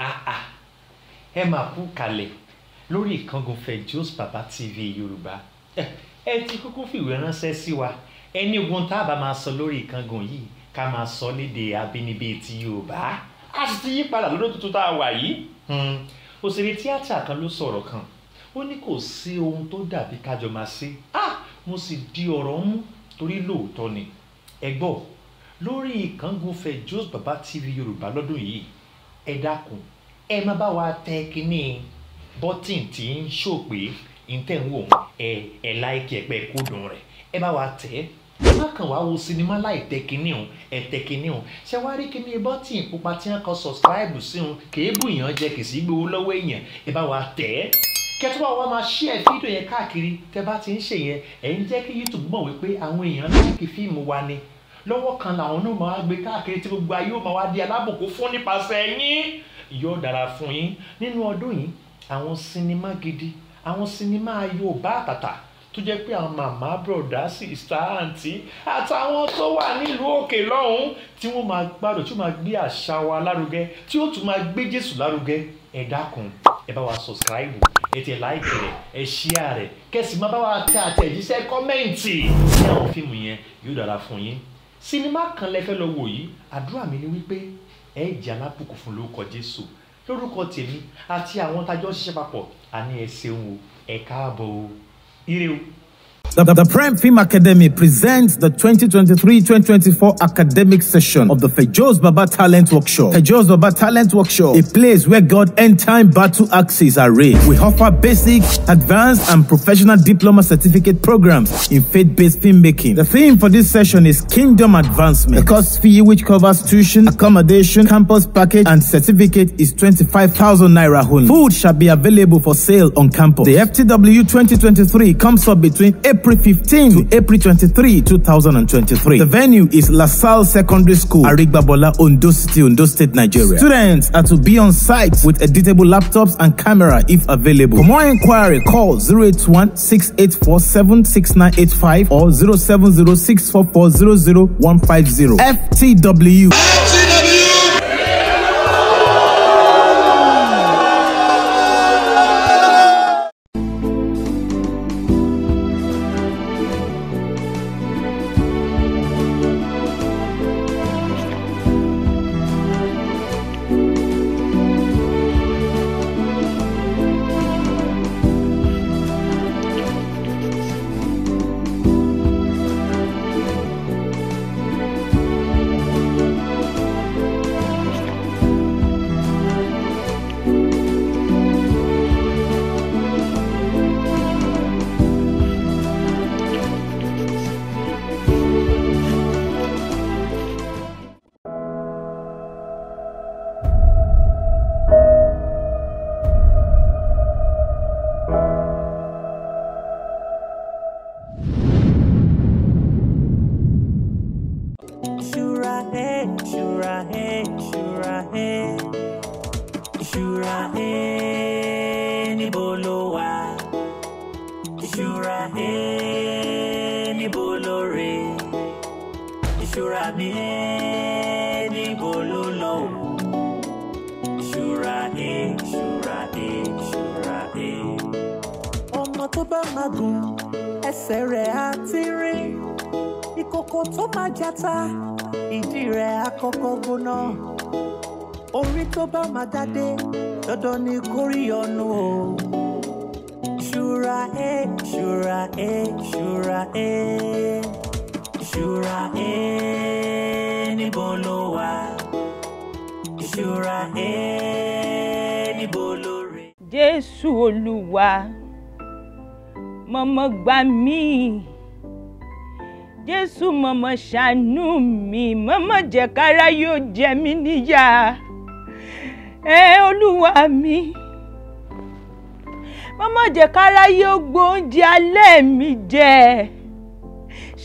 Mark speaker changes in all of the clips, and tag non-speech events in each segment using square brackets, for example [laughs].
Speaker 1: àà ah, ah. ẹ máa kú kalẹ̀ lórí ìkángun Fejosbaba baba tv yorùbá ẹ ti kúkú fìwé ránṣẹ́ sí wa ẹni ogun tá a bá máa sọ lórí ìkángun yìí ká máa sọ léde abínibí ti yorùbá a sì ti yí padà lọ́dún tuntun tá a wà yìí hmm. òṣèré tíátà kan ló sọ̀rọ̀ kan ó ní kò sí ohun tó dàbí kájọ máa ṣe ah mo sì di ọ̀rọ̀ mú torí lóòótọ́ ni ẹ gbọ́ lórí ìkángun Fejosbaba tv yorùbá lọ́dún yìí ẹ dákun ẹ má bá wa tẹ kínní bọ́tìn tí ń ṣò pé ìtẹ̀ ń wò ẹ ẹ láìkí ẹ pé kódùn rẹ̀ ẹ bá wa tẹ̀ ẹ́ ẹ má wo sinimá láì tẹ kínní o ẹ tẹ kínní o ṣé wàá rí kínní bọ́tìn pupa tí wọ́n kọ sọ̀sìkíráìbù sí wọn kéébù èèyàn jẹ kìsì gbowó lọ́wọ́ èèyàn ẹ bá wa tẹ̀ ẹ́ kẹtùbà wa máa ṣí ẹ fídíò yẹn káàkiri tẹ bá ti ń ṣe yẹn ẹ ń jẹ́ kí YouTube mọ̀ wípé àwọn èèyàn láìkí fíìmù wa ni lọ́wọ́ kan làwọn náà máa gbé káàkiri tí gbogbo ayé ó máa wá di alábòkú fún nípasẹ̀ yín yóò dára fún yín nínú ọdún yìí àwọn sinimá gidi àwọn sinimá Yorùbá àtàtà tó jẹ́ pé àwọn màmá bùrọ̀dá sí ìsá àǹtí àtàwọn tó wà nílùú òkè lọ́hùn tí wọ́n máa gbádùn tí wọ́n máa gbé àṣà wa lárugẹ tí ó tún máa gbé Jésù lárugẹ ẹ dákun ẹ bá wa sọ̀sìkáìbù ẹ tẹ láìkì rẹ ẹ ṣíà rẹ kẹsì máa bá wa tẹ àtẹ̀jíṣẹ́ kọ́mẹ́ǹtì ní àwọn fíìmù yẹn yóò dára fún yín sinimá kan lẹ́fẹ́ lọ wò yìí àdúrà mi ni wípé ẹ jẹ́ alábùkún fún lórúkọ Jésù lórúkọ tèmi àti àwọn tájọ́ ṣiṣẹ́ papọ̀ àní ẹ ṣeun o ẹ káàbọ̀ o ire o.
Speaker 2: The, the, the Prem Film Academy presents the 2023-2024 academic session of the Fejos Baba Talent Workshop. Fejos Baba Talent Workshop, a place where God and time battle axes are raised. We offer basic, advanced, and professional diploma certificate programs in faith-based filmmaking. The theme for this session is Kingdom Advancement. The cost fee, which covers tuition, accommodation, campus package, and certificate, is 25,000 naira only. Food shall be available for sale on campus. The FTW 2023 comes up between April April 15 to April 23, 2023. The venue is LaSalle Secondary School, Arigbabola, Ondo City, Ondo State, Nigeria. Students are to be on site with editable laptops and camera if available. For more inquiry, call 081 684 or 070 644 00150. FTW.
Speaker 3: jésù olúwa mọ̀mọ́ gbà mí jésù mọ̀mọ́ ṣàánú mi mọ̀mọ́ jẹ́ kára yóò jẹ mí níyà ẹ olúwa mi mọ̀mọ́ jẹ́ kára yóò gbóúnjẹ alẹ́ mi jẹ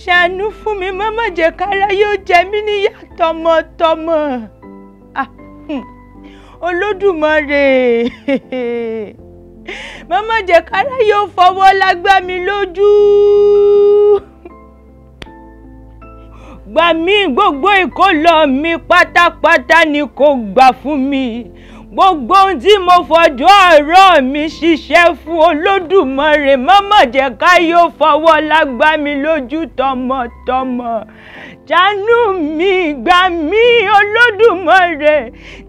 Speaker 3: ṣàánú fún mi mọ̀mọ́ jẹ́ kára yóò jẹ mí níyà tọmọtọmọ olódùmarè màmá jẹ̀kárá yóò fọwọ́ lágbá mi lójú gbà mí gbogbo ìkólọ mi pátápátá ni kò gbà fún mi gbogbo ohun tí mo fọjọ́ ọ̀rọ̀ mi ṣiṣẹ́ fún olódùmarè màmá jẹ̀ká yóò fọwọ́ lágbá mi lójú tọmọtọmọ ṣàánú mi gbà mí olódùmarè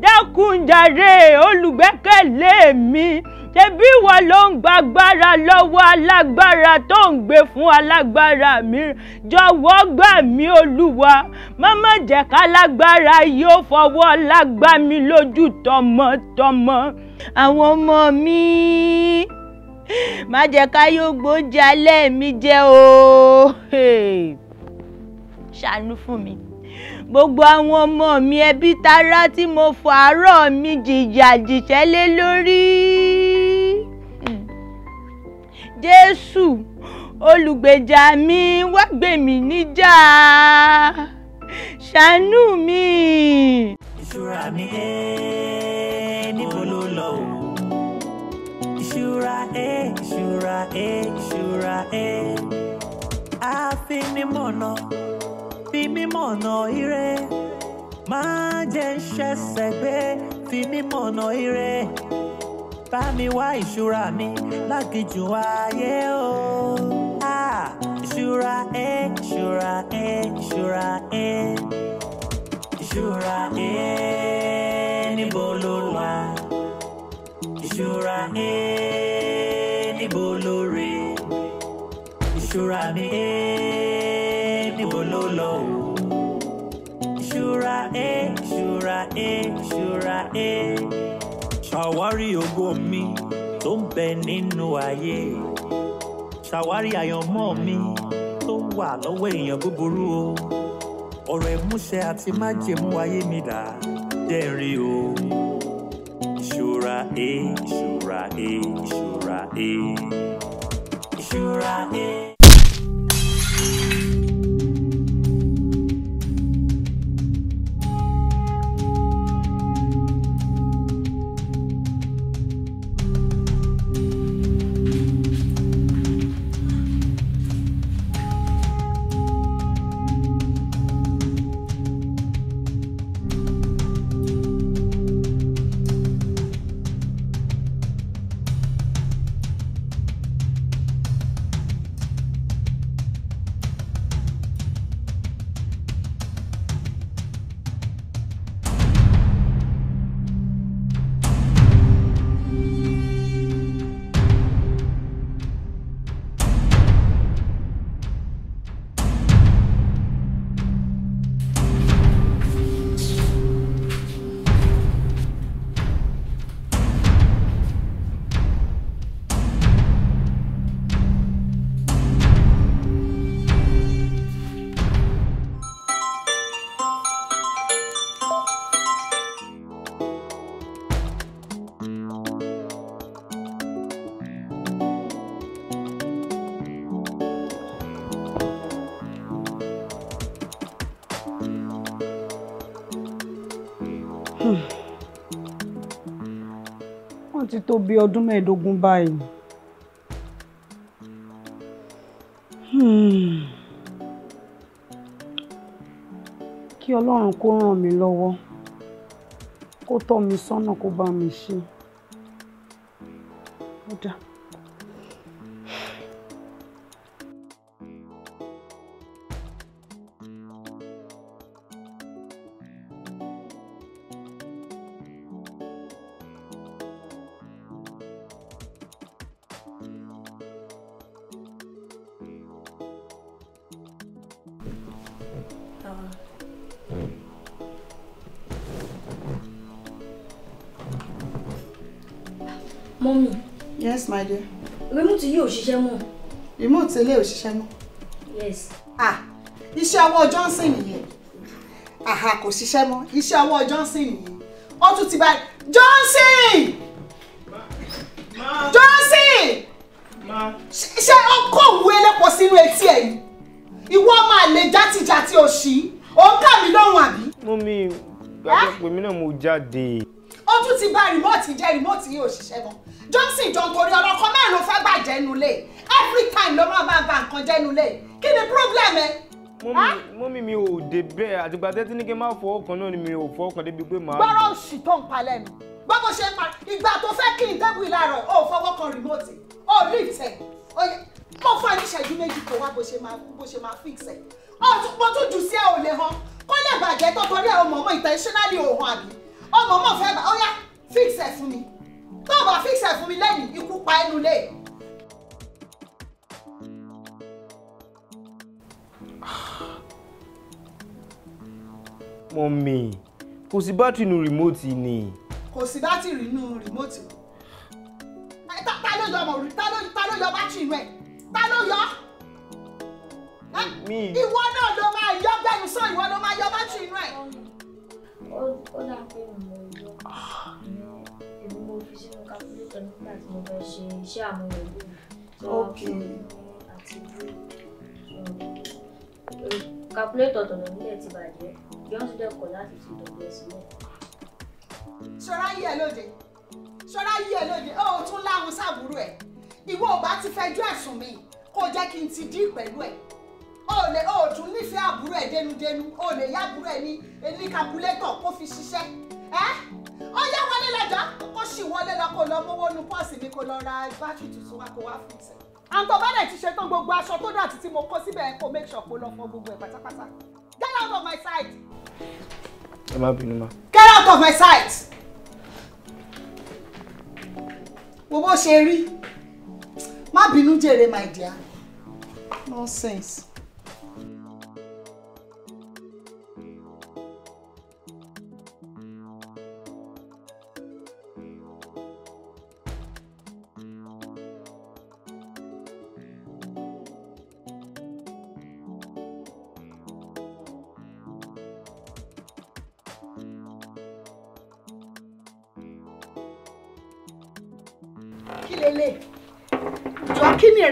Speaker 3: dákunjàre olùgbẹ́kẹ̀lé mi ṣebí ìwọ ló ń gbàgbára lọ́wọ́ alágbára tó ń gbé fún alágbára mi jọ̀wọ́ gbà mí olúwa má mà jẹ́ kálágbára yóò fọwọ́ lágbá mi lójú tọmọtọmọ àwọn ọmọ mi má jẹ́ ká yóò gbójú alẹ́ mi jẹ́ o. Hey ṣàánú fún mi gbogbo àwọn ọmọ mi ẹbí tará tí mo fọ àárọ̀ mi jìyà jìṣẹ́ lé lórí Jésù olùgbèjà mi wá gbè mí níjà ṣàánú mi. ìṣúra mi dé
Speaker 4: níbo ló lọ o ìṣúra ẹ eh, ìṣúra ẹ eh, ìṣúra ẹ eh. àfi mímọ̀ náà fi mí mọ̀nà ire máa jẹ́ ń ṣẹ̀ṣẹ̀ gbé fi mí mọ̀nà ire bá mi wá ìṣúra mi lágìjù ayé o. Ìṣúra ẹ ìṣúra ẹ ìṣúra ẹ ìṣúra ẹ níbo ló wà ìṣúra ẹ níbo ló rè ìṣúra mi ẹ. ṣàwárí ògo mi tó ń bẹ nínú ayé ṣàwárí àyànmọ́ mi tó wà lọ́wọ́ èèyàn búburú o ọ̀rọ̀ ìmúṣẹ àti májẹ̀mú ayé mi dà dẹ́rìn o ìṣúra e ìṣúra e ìṣúra e ìṣúra e.
Speaker 5: ti tó bí ọdún mẹ́ẹ̀ẹ́dógún báyìí. Hmm. kí ọlọ́run kó ràn mí lọ́wọ́ kó tọ́ mi sọ́nà kó bá mi ṣe. ó dáa. my dear. remote yìí ò ṣiṣẹ́ mọ́. remote ilé ò ṣiṣẹ́ yes. ah iṣẹ́ ọwọ́ Johnson nìyẹn àhà kò ṣiṣẹ́ mọ́ iṣẹ́ ọwọ́ Johnson nìyẹn ó tún ti bá Johnson. Johnson ṣe ọkọ òwú elépo sínú etí ẹ yìí ìwọ máa lè játijàti o òǹkà mi lóhùn àbí.
Speaker 6: mú mi gbàgbọ́ pé mi náà mo jáde.
Speaker 5: ó tún ti bá rìmọ́ọ̀tì jẹ́ rìmọ́ọ̀tì yìí ò ṣiṣẹ́ mọ́ johnson jọ nítorí ọlọ́kọ mẹ́rin ló fẹ́ bàjẹ́ nulẹ̀ every time ló máa bá ba nǹkan jẹ́ nulẹ̀ kí ni problem ẹ.
Speaker 6: mọ́mí mi ò dé bẹ́ẹ̀ àtìgbà tẹ́tí ní kí n má fọwọ́ kan náà ni mi ò fọwọ́ kan débi pé màá. gbọ́dọ̀
Speaker 5: oṣù tó ń palẹ̀ nù bọ́bọ̀ ṣe pa ìgbà tó fẹ́ kí n tẹ́gùn ìlàrọ̀ ò fọwọ́ kan remote ò lift ẹ̀ mo fún ẹ ní ìṣẹ́jú méjì kó wá bó ṣe máa bó ṣe máa fix ẹ̀ mo tún jù sí ẹ ò lè han kó lè bàjẹ́ tó torí ẹ ọmọ ọmọ intentionally ò hàn àbí ọmọ ọmọ fẹ́ bá ó yá fix ẹ̀ fún mi tó o bá fix ẹ̀ fún mi lẹ́yìn ikú pa ẹnu lé.
Speaker 6: mọ̀mí kò sí bátìrì nínú rìmọ́ọ̀tì ni.
Speaker 5: kò sí bátìrì nínú rìmọ́ọ̀tì ta ló yọ ọmọ ta ló ta ló yọ bátìrì rẹ ta ló yọ. ìwọ náà ló máa yọ gbẹnusọ ìwọ ló máa yọ bátìrì rẹ.
Speaker 7: ó dà nígbà tí mo fẹ́ ṣe iṣẹ́ àmúyẹ̀wò tí wọ́n
Speaker 4: fún mi àti
Speaker 7: calculator tọ̀nà nílẹ̀ ti bàjẹ́ Johnson dẹ̀ kọ̀ láti fi dọ̀gbẹ́ sílẹ̀.
Speaker 5: ṣọ́ra yí ẹ lóde ṣọ́ra yí ẹ lóde ó tún láhùn sáàbùrù ẹ̀ ìwọ ò bá ti fẹjọ́ ẹ̀sùn mi jẹ́ kí n ti dín pẹ̀lú ẹ̀ o lè nífẹ̀ẹ́ àbúrò ẹ̀ dénúdénú o yá àbúrò ẹ̀ ní ní calculator kó fi ṣiṣẹ́ ẹ́. Eh? ó yá wọlé lọ́jà kó sì wọlé lọ kó lọ mówó nu pọ́ọ̀sì mi kó lọ ra báàgì tuntun wa kó wá fún ìsẹ̀. àǹtọ̀ bá dẹ̀ ti ṣe tán gbogbo aṣọ tó dàtí tí mo kó síbẹ̀ kó make sure kó lọ fọ gbogbo ẹ̀ pátápátá. get out of my sight. ẹ má bínú ma. get out of my sight. wo bó ṣe rí má bínú jèrè my dear nonsense.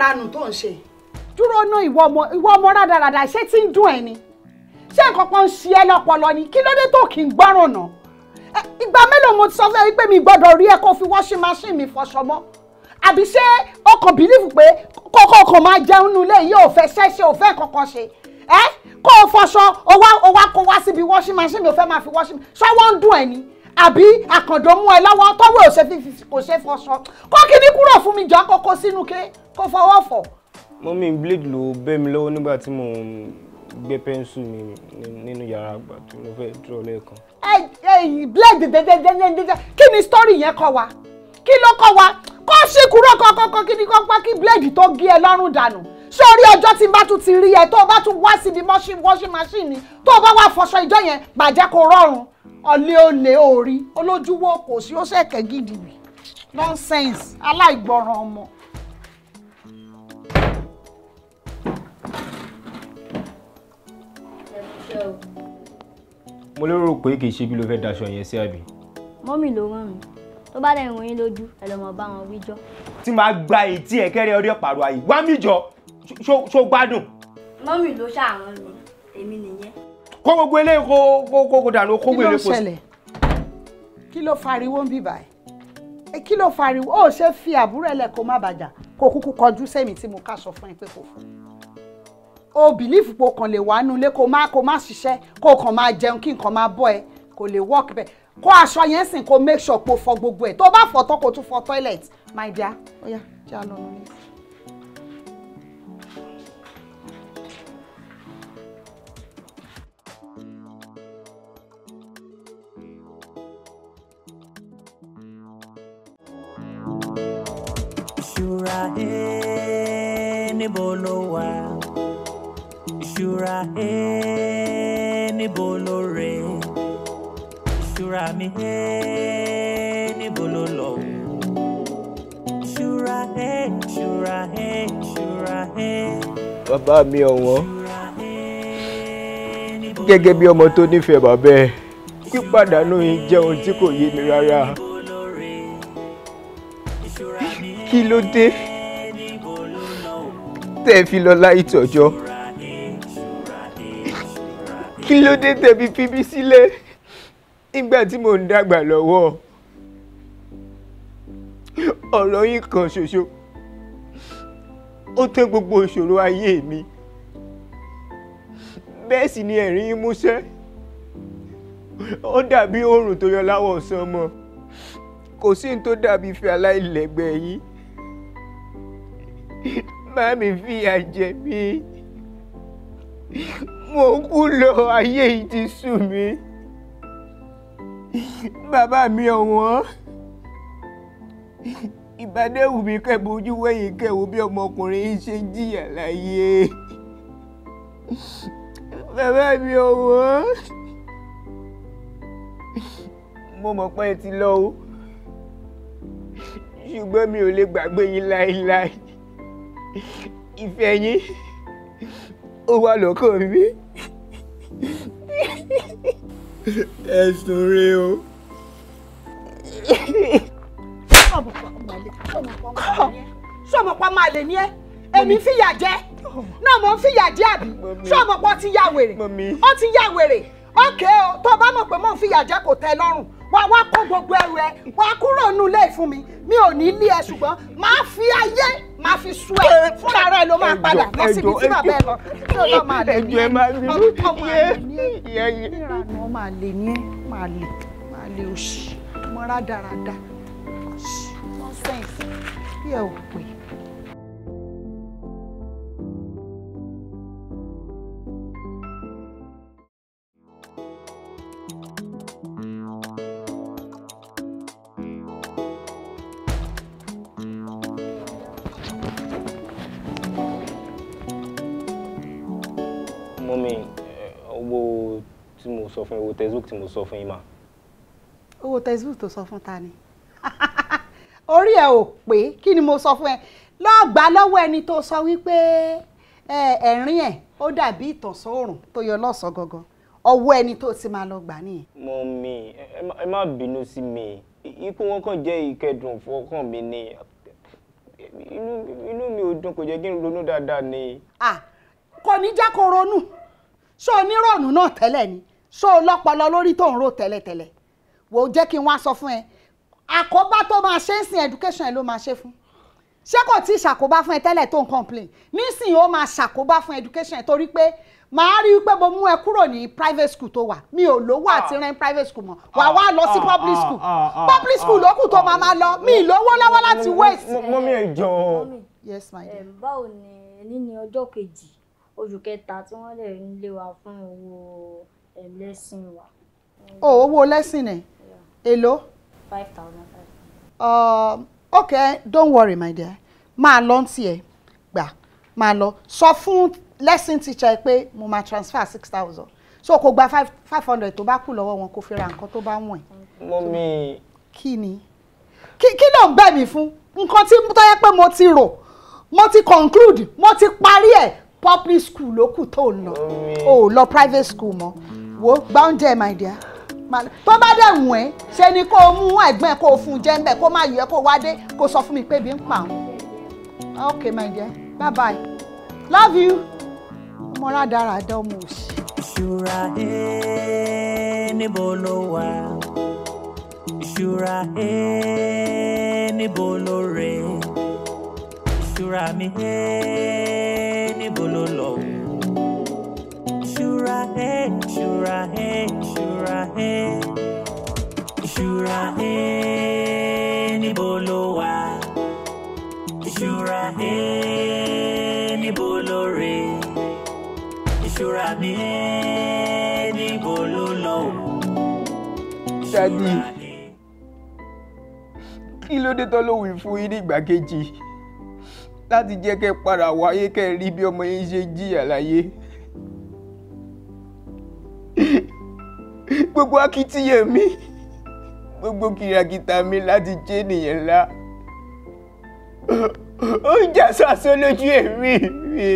Speaker 5: ìranù tó ń ṣe. dúró ná ìwọ ọmọ ìwọ ọmọ rádaràdà ṣé tí ń dùn ẹ ni ṣé nǹkan kan ń ṣe ẹ lọ́pọlọ ni kí ló dé tó kì í gbọ́ràn nà ìgbà mélòó mo ti sọ fún pé mi gbọ́dọ̀ rí ẹ kó fi washing machine mi fọṣọ mọ́ àbí ṣé ọkàn bìlífù pé kókó kan máa jẹun nulẹ̀ yìí ò fẹ́ ṣẹ́ṣẹ́ ò fẹ́ kankan ṣe ẹ kó o fọṣọ o kó wá síbi washing machine mi ò fẹ́ máa fi washing ṣọwọ́ ń dùn ẹ ni àbí àkàndó mú ẹ lọ́wọ́ tọ́wọ́ ò ṣe fi kò ṣe fọṣọ kó kíní kúrò fún mi jọ kókó sínú ké kó fọwọ́ fọ̀.
Speaker 6: mọ́mí blade ló bẹ́ mi lọ́wọ́ nígbà tí mò ń gbé pẹ́ńsù mi nínú yàrá àgbà tí mo fẹ́ dúró lẹ́ẹ̀kan.
Speaker 5: ẹ ẹ blade dẹdẹdẹdẹdẹ kí ni story yẹn kọ́ wa kí ló kọ́ wa kó ṣe kúrò kọ́kọ́kọ́ kí ni kọ́ pa kí blade tó gé ẹ lọ́rùn dànù sórí ọjọ́ tí n bá tún ti rí ẹ tó o bá tún wá síbi washing machine ni tó o bá wá fọṣọ ìjọ yẹn bàjẹ́ kó rọrùn ọlé olè orí olójúwọ́ kò sí ó ṣẹ̀kẹ́ gidi bì nonsense aláìgbọràn ọmọ.
Speaker 6: mo lérò pé kì í ṣe bí ló fẹ́ daṣọ yẹn sí àbí.
Speaker 7: mọ́mì ló rán mi tó bá dẹ̀ ìròyìn lójú ẹ lọ́mọ bá wọn wíjọ́.
Speaker 6: tí màá gba ètí ẹ̀kẹ́rẹ́ ọdẹ pàrọ̀ àyè wá mí jọ ṣó gbádùn.
Speaker 7: mọ́mì ló ṣàrán mi èmi
Speaker 5: nìyẹn
Speaker 6: kó gbogbo eléyìí kó kó kó dànù kó gbélé kó sí.
Speaker 5: kí ló fariwo ń bì báyìí kí ló fariwo ó ṣe fi àbúrò ẹlẹ kó má bàjá kó kúkú kọjú sẹ́mi tí mo ká sọ fún ẹ pé kò fún o bìlífù pé o kàn lè wà nulẹ̀ kó má kó má ṣiṣẹ́ kó kàn máa jẹun kí nǹkan máa bọ́ ẹ kò lè work bẹ́ẹ̀ kó aṣọ yẹn sìn kó make sure pé o fọ gbogbo ẹ̀ tó bá fọ tán kó tún fọ toilet my dear Oh yeah, jẹ́
Speaker 4: Shura ee n'ibolo wa Shura ee n'ibolo rẹ Shura mi ee n'ibolo lọ Shura eyi Shura
Speaker 6: eyi Shura eyi Shura eyi Shura eyi Shura mi ọhụrụ gẹ́gẹ́ bíi ọmọ tó n'ifegwabegha. Nkịta adanụ yi jẹ ohun t'i kò yi mi rárá kí ló dé tẹ́ fi lọ láì tọ́jọ́ kí ló dé tẹ́ fi fi mí sílẹ̀ nígbà tí mò ń dàgbà lọ́wọ́ ọ̀rọ̀ yìí kan ṣoṣo ó tẹ́ gbogbo ìṣòro ayé mi bẹ́ẹ̀ sì ni ẹ̀rín yín músẹ́ ó dàbí oòrùn tó yọ láwọ̀ ọ̀sán mọ́ kò sí ní tó dàbí ìfẹ́ aláìlẹ́gbẹ́ yín má mi fìyà jẹ mí mo kú lọ ayé yìí ti sú mi bàbá mi ọ̀wọ́n ìbádẹ́wù mi kẹ́bù ojú wẹ̀yìn kẹ́wù bí ọmọkùnrin yìí ṣe jìyà láyé bàbá mi ọ̀wọ́n mo mọ̀ pé ẹ ti lọ o ṣùgbọ́n mi ò lè gbàgbé yín láéláé ìfẹ́ yín ó wà lọ́kàn mi ẹ̀sùn rẹ o.
Speaker 5: sọmọpọ máa lè ní ẹ èmi fìyà jẹ náà mo ń fìyà jẹ àbí sọmọpọ ti ya wèrè ó ti ya wèrè ókè o tó o bá mọ̀ pé mò ń fìyà jẹ kò tẹ́ lọ́rùn wà wá kó gbogbo ẹrù ẹ wà kúrò nínú ilé mi mi ò ní lé ẹ ṣùgbọ́n màá fi ayé máa fi sú ẹ fúnra rẹ ló máa padà lọ síbi tí bàbá ẹ lọ tí ó lọ máa lè ní ọkọ máa lè ní ìrànà máa lè ní máa lè máa lè òṣì mọ́ rádaràda nonsense bí ẹ ò pé.
Speaker 6: sọ fún owó textbook tí mo sọ fún yín mà.
Speaker 5: owó textbook tó sọ fún ta ni [laughs] orí ẹ ò pé kí ni mo sọ fún ẹ lọ́ọ́ gbà lọ́wọ́ ẹni tó sọ wípé ẹ̀rín ẹ̀ ó dàbí ìtànṣán oòrùn tó yọ lọ́sàn-án gangan ọwọ́ ẹni tó ti máa lọ gbà nìyẹn.
Speaker 6: mọ́mì ẹ má bínú sí mi ikú wọn kàn jẹ́ ìkẹdùn fọkàn mi ni inú mi ò dùn kò jẹ́ kí n ronú dáadáa ni.
Speaker 5: kò ní jẹ́ kó ronú ṣó onírònú náà tẹ́lẹ̀ ni So o lọ́pọlọ lórí tó ń rò tẹ́lẹ̀tẹ́lẹ̀ wò ó jẹ́ kí n wá sọ fún ẹ àkóbá tó máa ṣe ń sin education ẹ ló máa ṣe fún ṣé kò tí ì ṣàkóbá fún ẹ tẹ́lẹ̀ tó ń complain nísìnyí ó máa ṣàkóbá fún education ẹ torí pé màá rí i pé mo mú ẹ kúrò ní private school tó wà mi ò lówó àti ah. rent private school mọ́ wà wá lọ sí ah, ah, public school public school lókù tó máa máa lọ mi lówó lọ́wọ́ láti waste. mo
Speaker 6: mi ẹ jọ. yes
Speaker 5: my
Speaker 7: dear. báwo ni níní ọjọ́ kejì oṣù kẹta tí wọ́n lè ń lé wa fún owó lesson wa.
Speaker 5: Oh, owó lesson ni èló.
Speaker 7: five thousand five.
Speaker 5: Uh, ok don't worry my dear máa lọ ń tiẹ̀ gbà máa lọ sọ fún lesson teacher ẹ pé mo máa transfer six thousand so kò gba five hundred tó bá kù lọ́wọ́ wọn kò fi ra nǹkan tó bá wọ̀n ẹ̀.
Speaker 6: mọ́mí.
Speaker 5: kí ni kí ló ń bẹ̀ mí fún nǹkan tí tó yẹ pé mo ti rò mo ti conclude mo ti parí ẹ̀ public school ló kù tó lọ ò lọ private school mọ́ wo gba my dear tó bá dẹ̀ wùn ẹ́ ṣe ni kó o mú ẹ̀gbọ́n ẹ̀ kó o fún un jẹ́ ń bẹ̀ kó má yọ ẹ́ kó wá dé kó sọ fún mi pé ebi ń pa àwọn. ok my dear bye bye love you ọmọ rádaràdà ọmọ òsì. ìṣúra ẹ níbo ló wà
Speaker 4: ìṣúra ẹ níbo ló rẹ ìṣúra mi ẹ Shura hey, Shura hey, Shura hey, Shura hey, níbo lo wà? Shura hey,
Speaker 6: kí ló dé tọ́lọ́wìn fún yín nígbà kejì láti jẹ́ kẹ́ padà wáyé kẹ́ rí bí ọmọ yín ṣe jìyà láyé. gbogbo akitiyan mi gbogbo kìràkìtà mi láti jẹ́ ènìyàn ńlá ó ń jà sásọ lójú èmi mi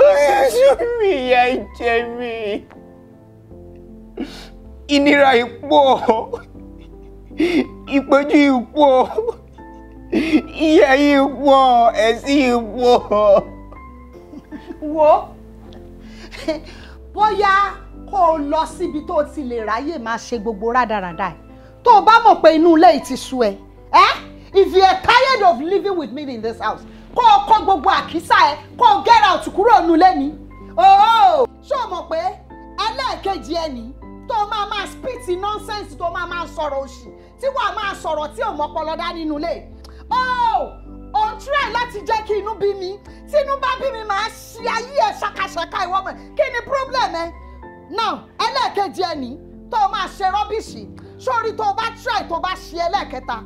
Speaker 6: ó ń sún mi ìyà ìjẹ mi ìnira ipò ìpọ́njú ipò ìyà ipò ẹ̀sìn ipò.
Speaker 5: wo [laughs] bóyá kó o lọ síbi tó o ti lè ráyè máa ṣe gbogbo rádaràda ẹ̀ tó o bá mọ̀ pé inú ilé yìí ti sú ẹ ẹ if you are tired of living with me in this house kó o kó gbogbo àkísà ẹ kó o get out kúrò nínú ilé mi ooo oh, ṣé o mọ̀ pé ẹlẹ́ẹ̀kejì ẹ nìyí tó máa máa spiti nonsense tó máa máa sọ̀rọ̀ òṣì tí wàá máa sọ̀rọ̀ tí ò mọ́pọlọ dá nínú ilé. Oh, ò try láti jẹ́ kí inú bí mi tí inú bá bí mi máa ṣe ayé ẹ̀ ṣàkàṣàkà ìwọ ọmọ kí ni problem ẹ now ẹlẹ́ẹ̀kejì ẹ ní tó o máa ṣe rọ́bìṣì sórí tó o bá try tó o bá ṣe ẹlẹ́ẹ̀kẹta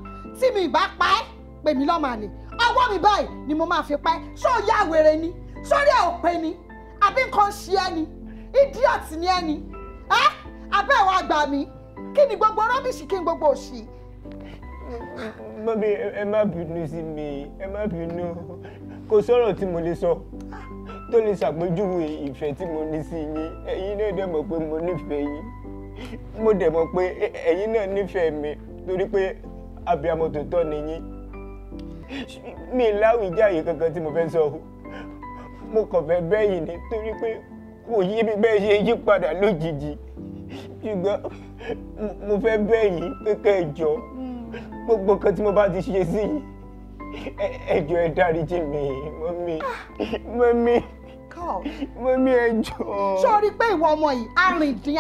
Speaker 5: tí mi bá pa ẹ́ pè mí lọ́mọ àlè ọwọ́ mi báyìí ni mo máa fi pa ẹ́ ṣó o yá wèrè ni sórí ẹ̀ ò pè ní àbí nǹkan ṣe ẹ́ ni idiot ni ẹ́ ni ẹ́ abẹ́ ìwà àgbà mi kí ni gbogbo rọ́bìṣì kí ni gbogbo òṣì
Speaker 6: má bí ẹ má bínú sí mi ẹ má bínú kò sọ̀rọ̀ tí mo lè sọ tó lè ṣàpèjúwe ìfẹ́ tí mo ní sí yín ẹ̀yin náà dẹ̀ mọ̀ pé mo nífẹ̀ẹ́ yín mo dẹ̀ mọ̀ pé ẹ̀yin náà nífẹ̀ẹ́ mi torí pé abiyamọ tòótọ́ ni yín mi láwùjáyè kankan tí mo fẹ́ sọ mo kàn fẹ́ bẹ́yìn ni torí pé kò yí mi bẹ́ẹ̀ ṣe yí padà lójijì ṣùgbọ́n mo fẹ́ bẹ́yìn kékeré jọ. Hmm gbogbo nǹkan tí mo bá ti ṣe sí yìí ẹ jọ̀ọ́ ẹ dáríjì mi
Speaker 5: mọ́mí mọ́mí mọ́mí ẹ jọ̀ọ́. sọ́ọ́rí pé ìwọ ọmọ yìí arìndín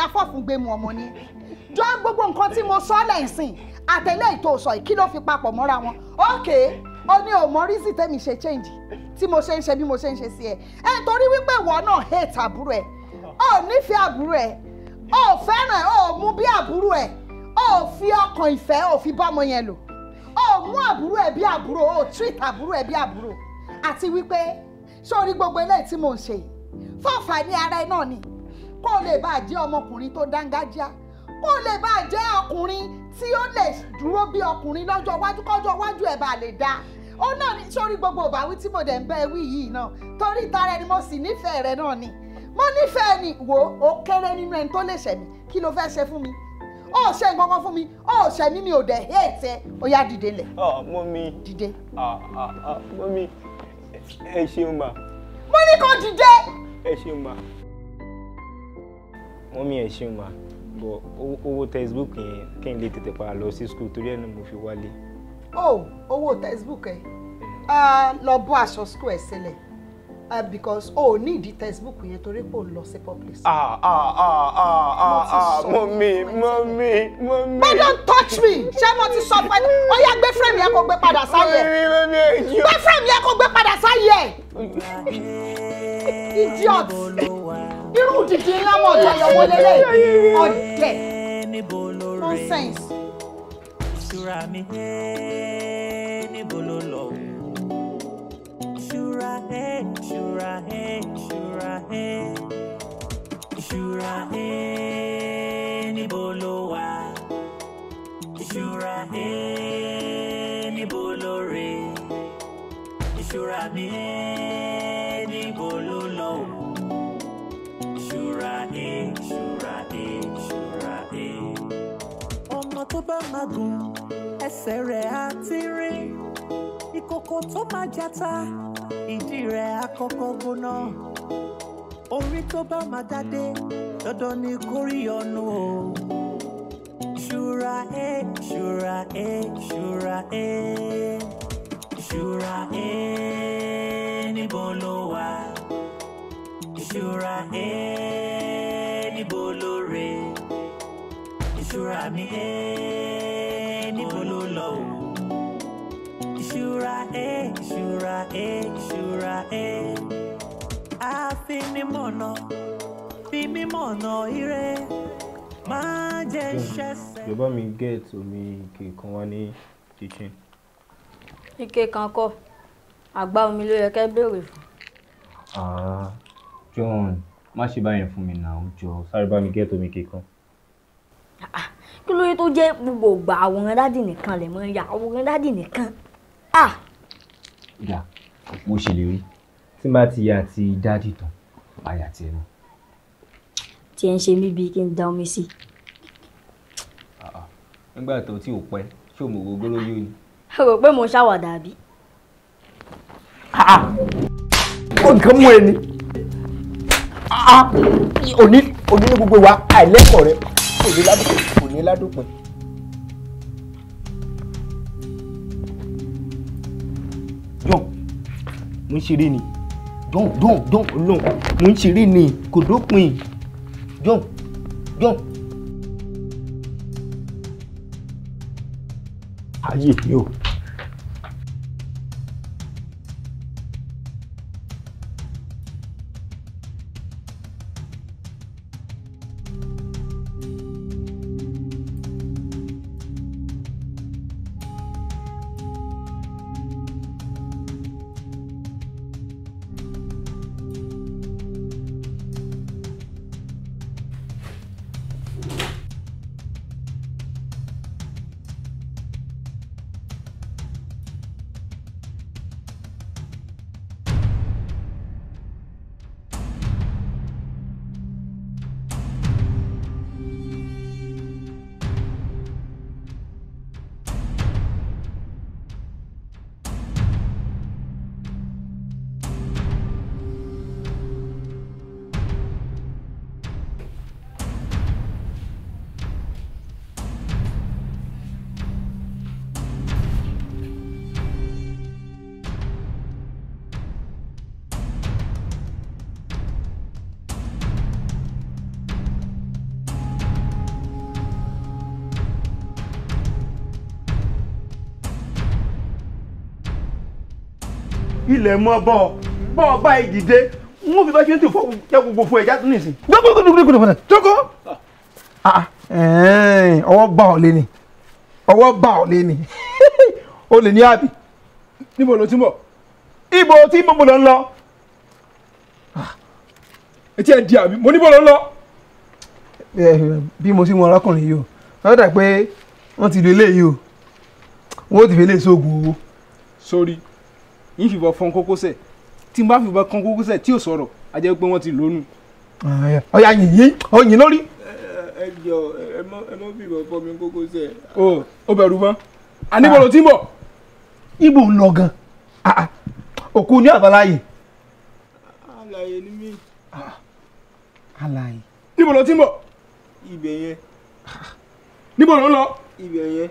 Speaker 5: ọmọ ni jọ gbogbo nǹkan tí mo sọ lẹ́sìn àtẹ̀lé ètò ìsọ̀ yìí kí ló fi papọ̀ mọ́ra wọn okay ó ní òmọ rísì tẹ́mi ṣe change tí mo ṣe ń ṣe bí mo ṣe ń ṣe sí ẹ ẹ torí wípé ìwọ náà hate àbúrò ẹ ò nífẹ̀ẹ́ àbúrò ẹ ò fẹ́ràn ẹ ò mú bí àbúrò ẹ ó fi ọkàn ìfẹ́ ó fi bọ́mọ yẹn lò ó mú àbúrò ẹ̀ bí àbúrò ó treat àbúrò ẹ̀ bí àbúrò àti wípé sórí gbogbo eléyìí tí mò ń ṣe fọ́ọ̀fà ní ara ẹ náà ni kó o lè bá a jẹ́ ọmọkùnrin tó dángájá kó o lè bá a jẹ́ ọkùnrin tí ó lè dúró bí ọkùnrin lọ́jọ́ iwájú kọ́jọ́ iwájú ẹ̀ bá lè dáa ó náà ní sórí gbogbo ìbáwí tí mo dẹ̀ ń bẹ́ ẹ wí yìí náà torí ìtara ẹni mo sì nífẹ̀ẹ́ rẹ náà ni mo nífẹ̀ẹ́ ni wò ó kéré nínú ẹni tó lè ṣẹ̀ kí ló fẹ́ ṣe fún mi ó ṣe nǹkan kan fún mi ó ṣe mí mi ò dẹ̀ hé ẹ̀tẹ́ ó yá dìde lẹ̀.
Speaker 6: Ah, mọ́mì dìde. Ah, ah, mọ́mì ẹ ṣeun mà. mo ní kó dìde. ẹ ṣeun mà. mọ́mì ẹ ṣeun mà bọ̀ owó textbook yẹn kí n lè tètè pa lọ sí school torí ẹ̀ mo fi wálé.
Speaker 5: o oh, owó textbook ẹ mm. lọ bọ́ aṣọ school ẹ sílẹ̀ uh, because o oh, ní ìdí textbook yẹn torí pé ò ń lọ sí public. ah ah
Speaker 8: ah ah ah ah mọ́mí
Speaker 5: mọ́mí mọ́mí. but don't touch me ṣé mo ti sọ pé ó yá gbé frame yẹn kó gbé padà sáyé gbé frame yẹn kó gbé padà sáyé [laughs] idiot irú dìde ńlá mọ̀ ọ̀dọ̀ ìyàwó lélẹ̀ ọ̀dẹ̀ nonsense.
Speaker 4: ìṣúra ẹ ìṣúra ẹ ìṣúra ẹ ìṣúra ẹ níbo ló wà ìṣúra ẹ níbo ló rè ìṣúra mi ẹ níbo ló lọ wò ìṣúra ẹ ìṣúra ẹ ìṣúra ẹ. ọmọ tó bá máa gùn ẹsẹ̀ á ti rìn ìkòkò tó máa jata ìdí rẹ̀ àkọ́kọ́ gbóná orí tó bá máa dádé dandan ni kórí ọnu o ṣúra ẹ ṣúra ẹ ṣúra ẹ ṣúra ẹ níbo ló wà ìṣúra ẹ níbo ló rè ìṣúra mi ẹ. ẹ̀ ṣúra ẹ̀ ṣúra ẹ̀ eh. àfinimọ̀nà fínímọ̀nà ire máa
Speaker 7: jẹ́ ṣẹ́sẹ̀.
Speaker 6: yorùbá mi get omi ike kan wá ní kitchen.
Speaker 7: ike kan kọ àgbá omi ló yẹ kẹ́ béèrè fún.
Speaker 6: ah john má ṣe báyẹn fún mi náà jọ sáré bá mi get omi ike kan
Speaker 7: ah, kí ló yẹ tó jẹ́ gbogbo ògbà àwòrán dádì nìkan lè mọ ya àwòrán dádì nìkan ah
Speaker 6: dà mo ṣèlérí tí má ti ya ti dáàdì tán àyà ti nù.
Speaker 7: tí ẹ ń ṣe mí bíi kí n da omi sí.
Speaker 6: Ah, ah. nígbà tó tí ò pẹ́ ṣé o mọ̀ gbogbo yóò ní.
Speaker 7: o rò pé mo ṣàwàdà àbí.
Speaker 8: Ah, ó nǹkan
Speaker 6: mú ẹni òní òní ní gbogbo wa àìlẹ́kọ̀ọ́ rẹ kò ní ládùpẹ́ kò ní ládùpẹ́. mo ń ṣeré ni John John John Ọlọ́run mo ń ṣeré ni kò dópin John John. ayé mi o.
Speaker 8: tilẹ̀ mọ́ bọ́ ọ bọ́ ọ bá igi
Speaker 6: dé n ó fi bá ṣe ń tì fọ́
Speaker 8: jẹ́ gbogbo fún ẹja tó nìsín. gbogbo gbogbo gbogbo fúnẹ̀. jókò.
Speaker 6: ọwọ́ gbà ọ́ lé ni ọwọ́ gbà ọ́ lé ni o lè ní àbí. níbo ló ti ń bọ̀. ibo tí mo lọ ń lọ. Ah. etí ẹ̀ di àbí mo níbo ló ń lọ. bí mo sì mú arákùnrin yìí o lọ́dà pé wọ́n ti lu eléyìí o wọ́n ti fi eléyìí sóògùn owó. sórí. So yín fìbọn fọn kókósẹ̀ tí n bá fìbọn kan kókósẹ̀ tí ò sọ̀rọ̀ a jẹ́ pé wọ́n ti lónú. ọ̀yà yìnyín ọ̀yìn lórí. ẹ jọ ẹ mọ fìbọn fọ mi kókósẹ̀. o ò bẹ̀rù mọ́ àníbọ̀ ló ti ń bọ̀.
Speaker 8: ibo ń lọ gan òkú ní àbáláyé.
Speaker 6: àlàyé ni mí. àlàyé. níbo ló ti ń bọ̀. ibẹ̀ yẹn. níbo ló ń lọ. ibẹ̀ yẹn.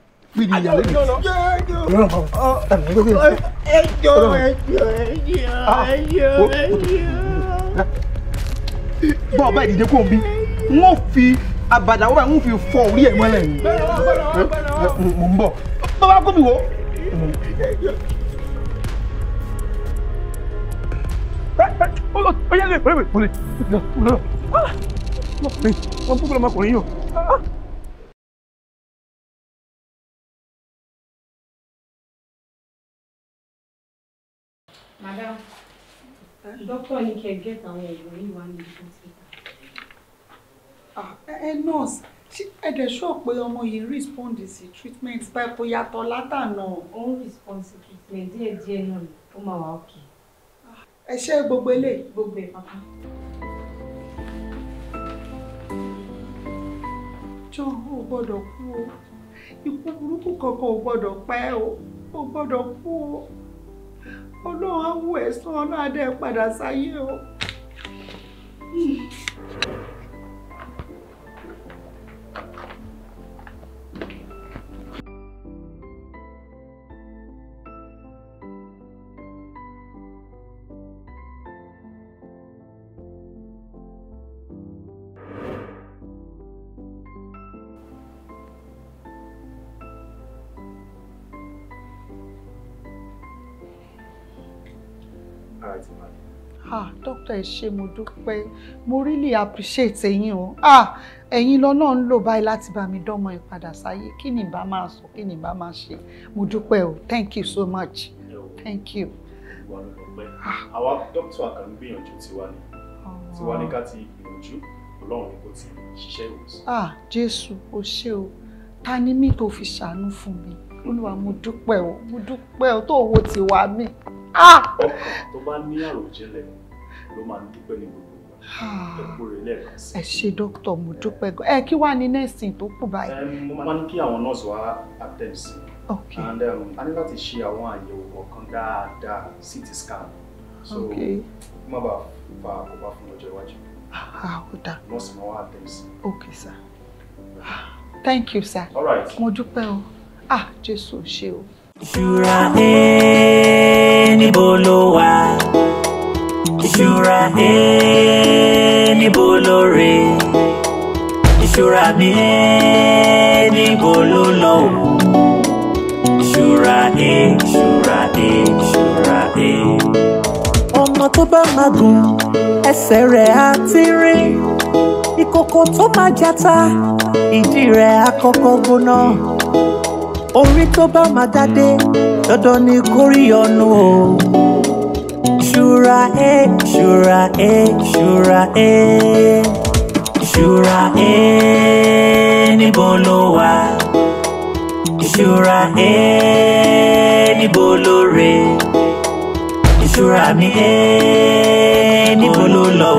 Speaker 6: bí mi ìyàlẹ́ mi. ẹjọ́ ẹjọ́ ẹjọ́ ẹjọ́.
Speaker 8: bọ́ ọba ìdíje kò ń bí wọ́n fi àbàdà wọ́n bá ń fi fọ orí ẹ̀ mọ́lẹ̀ ni. mo ń bọ̀ bàbá gómìn wo.
Speaker 6: ó yẹ lè pèlè pèlè lọ lọ lọ wọ́n bú kúlọ̀ ọmọkùnrin yìí o.
Speaker 2: Madam, dókítà ní
Speaker 5: kẹ́ gẹ́tà àwọn òògùn yìí wá ní ìfún síta. Ah, ẹ nọ́ọ̀sì, ṣé ẹ dẹ̀ ṣọ́ pé ọmọ yìí respond sí treatment báyìí kò yàtọ̀ látànà? Ó ń respond sí treatment díẹ̀díẹ̀ náà ni ó máa wà òkè. Ẹ ṣe gbogbo eléyìí. Gbogbo ẹ̀ pápá. John ò gbọ́dọ̀ kú o, ikú burúkú kankan ò gbọ́dọ̀ pẹ́ o, ò gbọ́dọ̀ kú o ọlọ́run á wù ẹ́ sán ọlọ́run á dẹ́ padà sáyé o. dókítà ṣé mo dúpẹ́ mo really appreciate ẹ̀yin o ah ẹ̀yin lọ́nà ń lò báyìí láti bá mi dọ́mọ ẹ padà sáyé kí ni bá máa sọ kí ni bá máa ṣe mo dúpẹ́ o thank you so much thank you.
Speaker 1: Ah. àwa dókítà kan ń gbìyànjú tiwa ni tiwa ni ká ti gbìyànjú ọlọ́run ni kò ti ṣiṣẹ́ ìwòsàn.
Speaker 5: ah jésù o ṣé o ta ni mí tó fi ṣàánú fún mi olúwa mo dúpẹ́ o mo dúpẹ́ o tó owó ti wá
Speaker 8: ah! ọkàn tó bá ní àròjinlẹ̀ ló
Speaker 1: máa ń dúpẹ́ ní gbogbo ah,
Speaker 5: ẹ ṣe dókítà mo dúpẹ́ gan ẹ kí wàá ní nẹ́ẹ̀sì tó kù báyìí.
Speaker 1: mo máa ń kí àwọn nọ́ọ̀sì wá attend sí i and a ní láti ṣe àwọn àyẹ̀wò kọ̀ọ̀kan dáadáa CT scan so kí má bàa fa àkóbá fún ọjọ́ iwájú. Ah, ah, nọ́ọ̀sì máa wá attend sí i. ok sir
Speaker 5: thank you sir mo dúpẹ́ o ah jésù ṣe o. ìṣúra
Speaker 4: ẹ níbo ló wà ìṣúra ẹ níbo lóore ìṣúra mi ẹ níbo ló lọ òun ìṣúra ẹ ìṣúra ẹ ìṣúra ẹ. ọmọ tó bá máa gùn ẹsẹ̀ rẹ̀ á ti rí ìkòkò tó máa jata ìdí rẹ̀ á kọ́kọ́ gbóná orí tó bá máa dádé dandan ni kórí ọnu o. Shura ẹ shura ẹ shura ẹ shura ẹ níbo ló Shura ìṣúra ẹ níbo Shura mi ẹ níbo ló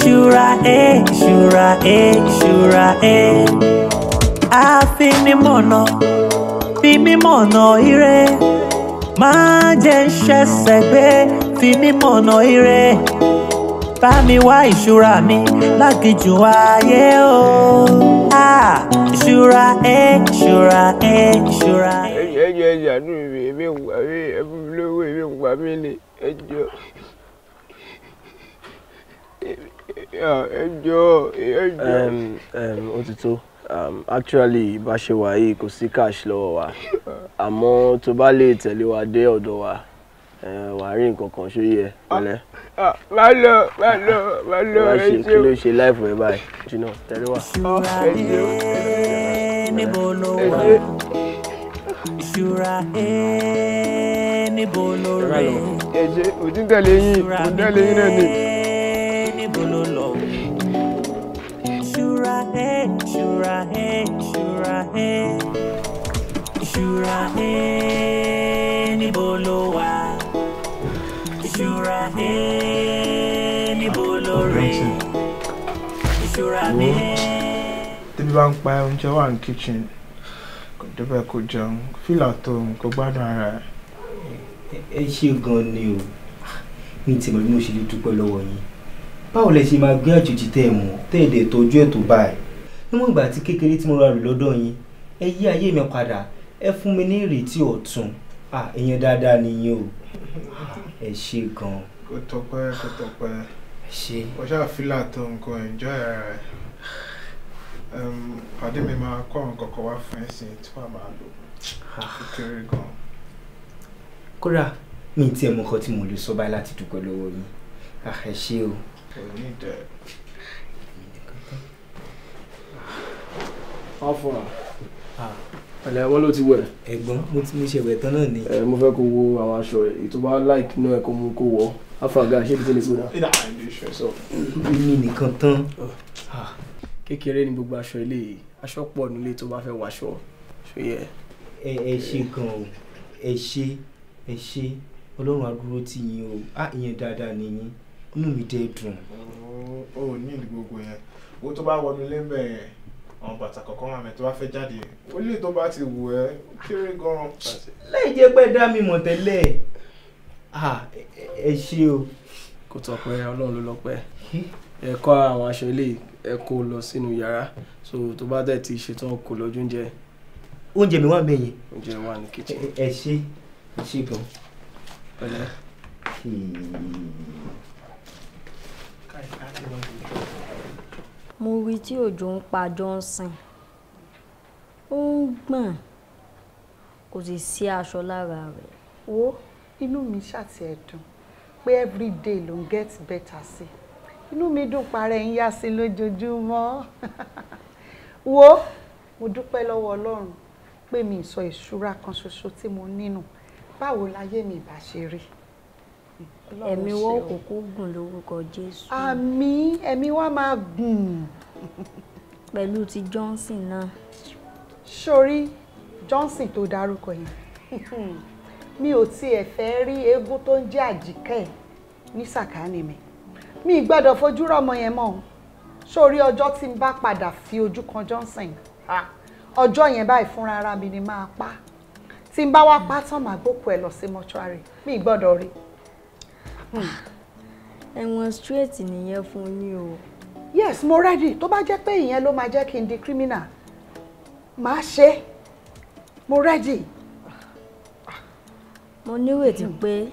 Speaker 4: Shura o shura ẹ shura ẹ ìṣúra ẹ mono, mímọ̀nà mi mono ire má jẹ́ ń ṣẹ̀ṣẹ̀ gbé fi mí mọ̀nà ire bá mi wá ìṣúra mi lágìjù ayé o
Speaker 6: ìṣúra ẹ ìṣúra ẹ ìṣúra. ẹ̀jẹ̀ ẹ̀jẹ̀ ẹ̀jẹ̀ àánú mi èmi ń gbà mí ẹ̀bí lówó èmi ń gbà mí ni ẹjọ́ ẹjọ́
Speaker 9: ẹjọ́. ó ti tó um, actually bá ṣe wà yìí kò sí cash lọ́wọ́ wa àmọ́ tó bá lè tẹ̀lé wa dé ọ̀dọ̀ wa wàá rí nǹkan kan ṣó yẹ pẹ̀lẹ́.
Speaker 6: Ah, ah, má lọ má lọ má lọ ẹ ṣe kí ló
Speaker 9: ṣe láìpẹ́ rẹ báyìí jìnnà
Speaker 6: tẹ̀lé wa. ìṣúra ah, ẹ níbo ló wà
Speaker 4: ìṣúra ẹ níbo ló rẹ ìṣúra mi ẹ níbo ló rẹ ìṣúra mi ẹ níbo ló rẹ ìṣúra mi ẹ níbo ló rẹ. ìṣúra ẹ ìṣúra ẹ ìṣúra ẹ níbo ló wà
Speaker 2: bá ń pa oúnjẹ wà ní kitchen kò débẹ̀ kó jẹun fílà tó kó gbádùn ara
Speaker 6: ẹ̀. ẹ ṣe gan-an ni o mi ti mọ̀ bí mo ṣe lè dúpẹ́ lọ́wọ́ yín báwo lẹ ṣe máa gbé àjòjì tẹ́ ẹ̀ mọ̀ tẹ́ ẹ̀ dẹ̀ tọ́jú ẹ̀ tó báyìí níwọ̀n ìgbà tí kékeré tí mo ra rè lọ́dọ̀ yín ẹ yí ayé mi padà ẹ fún mi ní ìrètí ọ̀tun ìyẹn dáadáa nìyẹn o ẹ ṣe gan-an.
Speaker 2: kò tọpẹ́ kò tọpẹ́ ṣe. ó ṣàfilà tó nǹkan ẹ̀jọ́ ẹ̀ rẹ̀ pàdé mi máa kọ́ àwọn kọ̀ọ̀kan wá fún ẹ̀sìn tí wàá máa lò kékeré gan.
Speaker 6: kódà mi ti ẹ̀ mọ nǹkan tí mo lè sọ báyìí láti dúpẹ́ lọ́wọ́ yín ẹ ṣe o.
Speaker 2: kò ní ìdẹ̀.
Speaker 9: afọra ah. ọ̀lẹ́ wọn ló ti wẹ̀. ẹ̀gbọ́n mo ti ṣe ìwẹ̀ tán náà ni. ẹ mo fẹ́ kó wo àwọn aṣọ rẹ̀ èyí tó bá láìkí náà ẹ̀ kó mú kó wọ̀ afraga ṣé ibi tí ní kó náà. mi nìkan tán. Ah. kékeré ni
Speaker 6: gbogbo aṣọ ilé yìí aṣọ pọ̀ nílé tó bá fẹ́ wàṣọ ṣó yẹ. ẹ ẹ ṣe gan o ẹ ṣe ẹ ṣe ọlọ́run á dúró tì yín o á ìyẹn dáadáa nìyí
Speaker 2: inú mi dẹ́ dùn. o ní ìdí àwọn bàtà kọ̀ọ̀kan wà mẹ́ tó bá fẹ́ jáde ó lè tó bá ti wù ẹ́ ó kéré gan-an. láì jẹ́ pé dá mi mọ̀ tẹ́lẹ̀ ẹ ṣe o.
Speaker 9: kò tọpẹ́ Ọlọ́run ló lọpẹ́ ẹ kọ àwọn aṣọ ilé ẹ kó lọ sínú yàrá so tó bá dẹ̀ ti ṣetán kò lọ́jọ́ oúnjẹ. oúnjẹ mi wà mẹ́yìn. oúnjẹ wà ní kitchen.
Speaker 6: ẹ ṣe ẹ ṣe gan. pẹ̀lẹ́.
Speaker 7: mo rí i tí òjò ń pa johnson ó ń gbọ̀n kò sì
Speaker 5: sí aṣọ lára rẹ̀. wo inú mi ṣàti ẹ̀dùn pé everyday ló ń get better sí inú mi dùn parẹ́ ń yá sí lójoojúmọ́ [laughs] wo mo dúpẹ́ lọ́wọ́ ọlọ́run pé mi ìsọ ìṣúra kan ṣoṣo tí mo nínú báwo láyé mi ìbá ṣe rí ẹ̀mí wọn kò kó gùn lórúkọ jésù. àmín ẹ̀mí wa máa gùn pẹ̀lú ti Johnson náà. sori Johnson tó dárúkọ yẹn [laughs] mi ò tiẹ̀ fẹ́ rí eégún tó ń jẹ́ àjíkẹ́ ní sàkání mi mi gbọ́dọ̀ fojú rọ́mọ yẹn mọ́ sórí ọjọ́ tí n bá padà fi ojú kan Johnson ọjọ́ yẹn báyìí fúnra ara mi ni máa pa tí n bá wá pa tán màá gbókù ẹ lọ sí mọ́ṣúárì mi gbọ́dọ̀ rí. ẹ̀wọ̀n straight nìyẹn fún yín o yes mo ready tó bá jẹ́ pé ìyẹn ló máa jẹ́ kí n di criminal màá ṣe mo ready. mo nírètí hmm. pé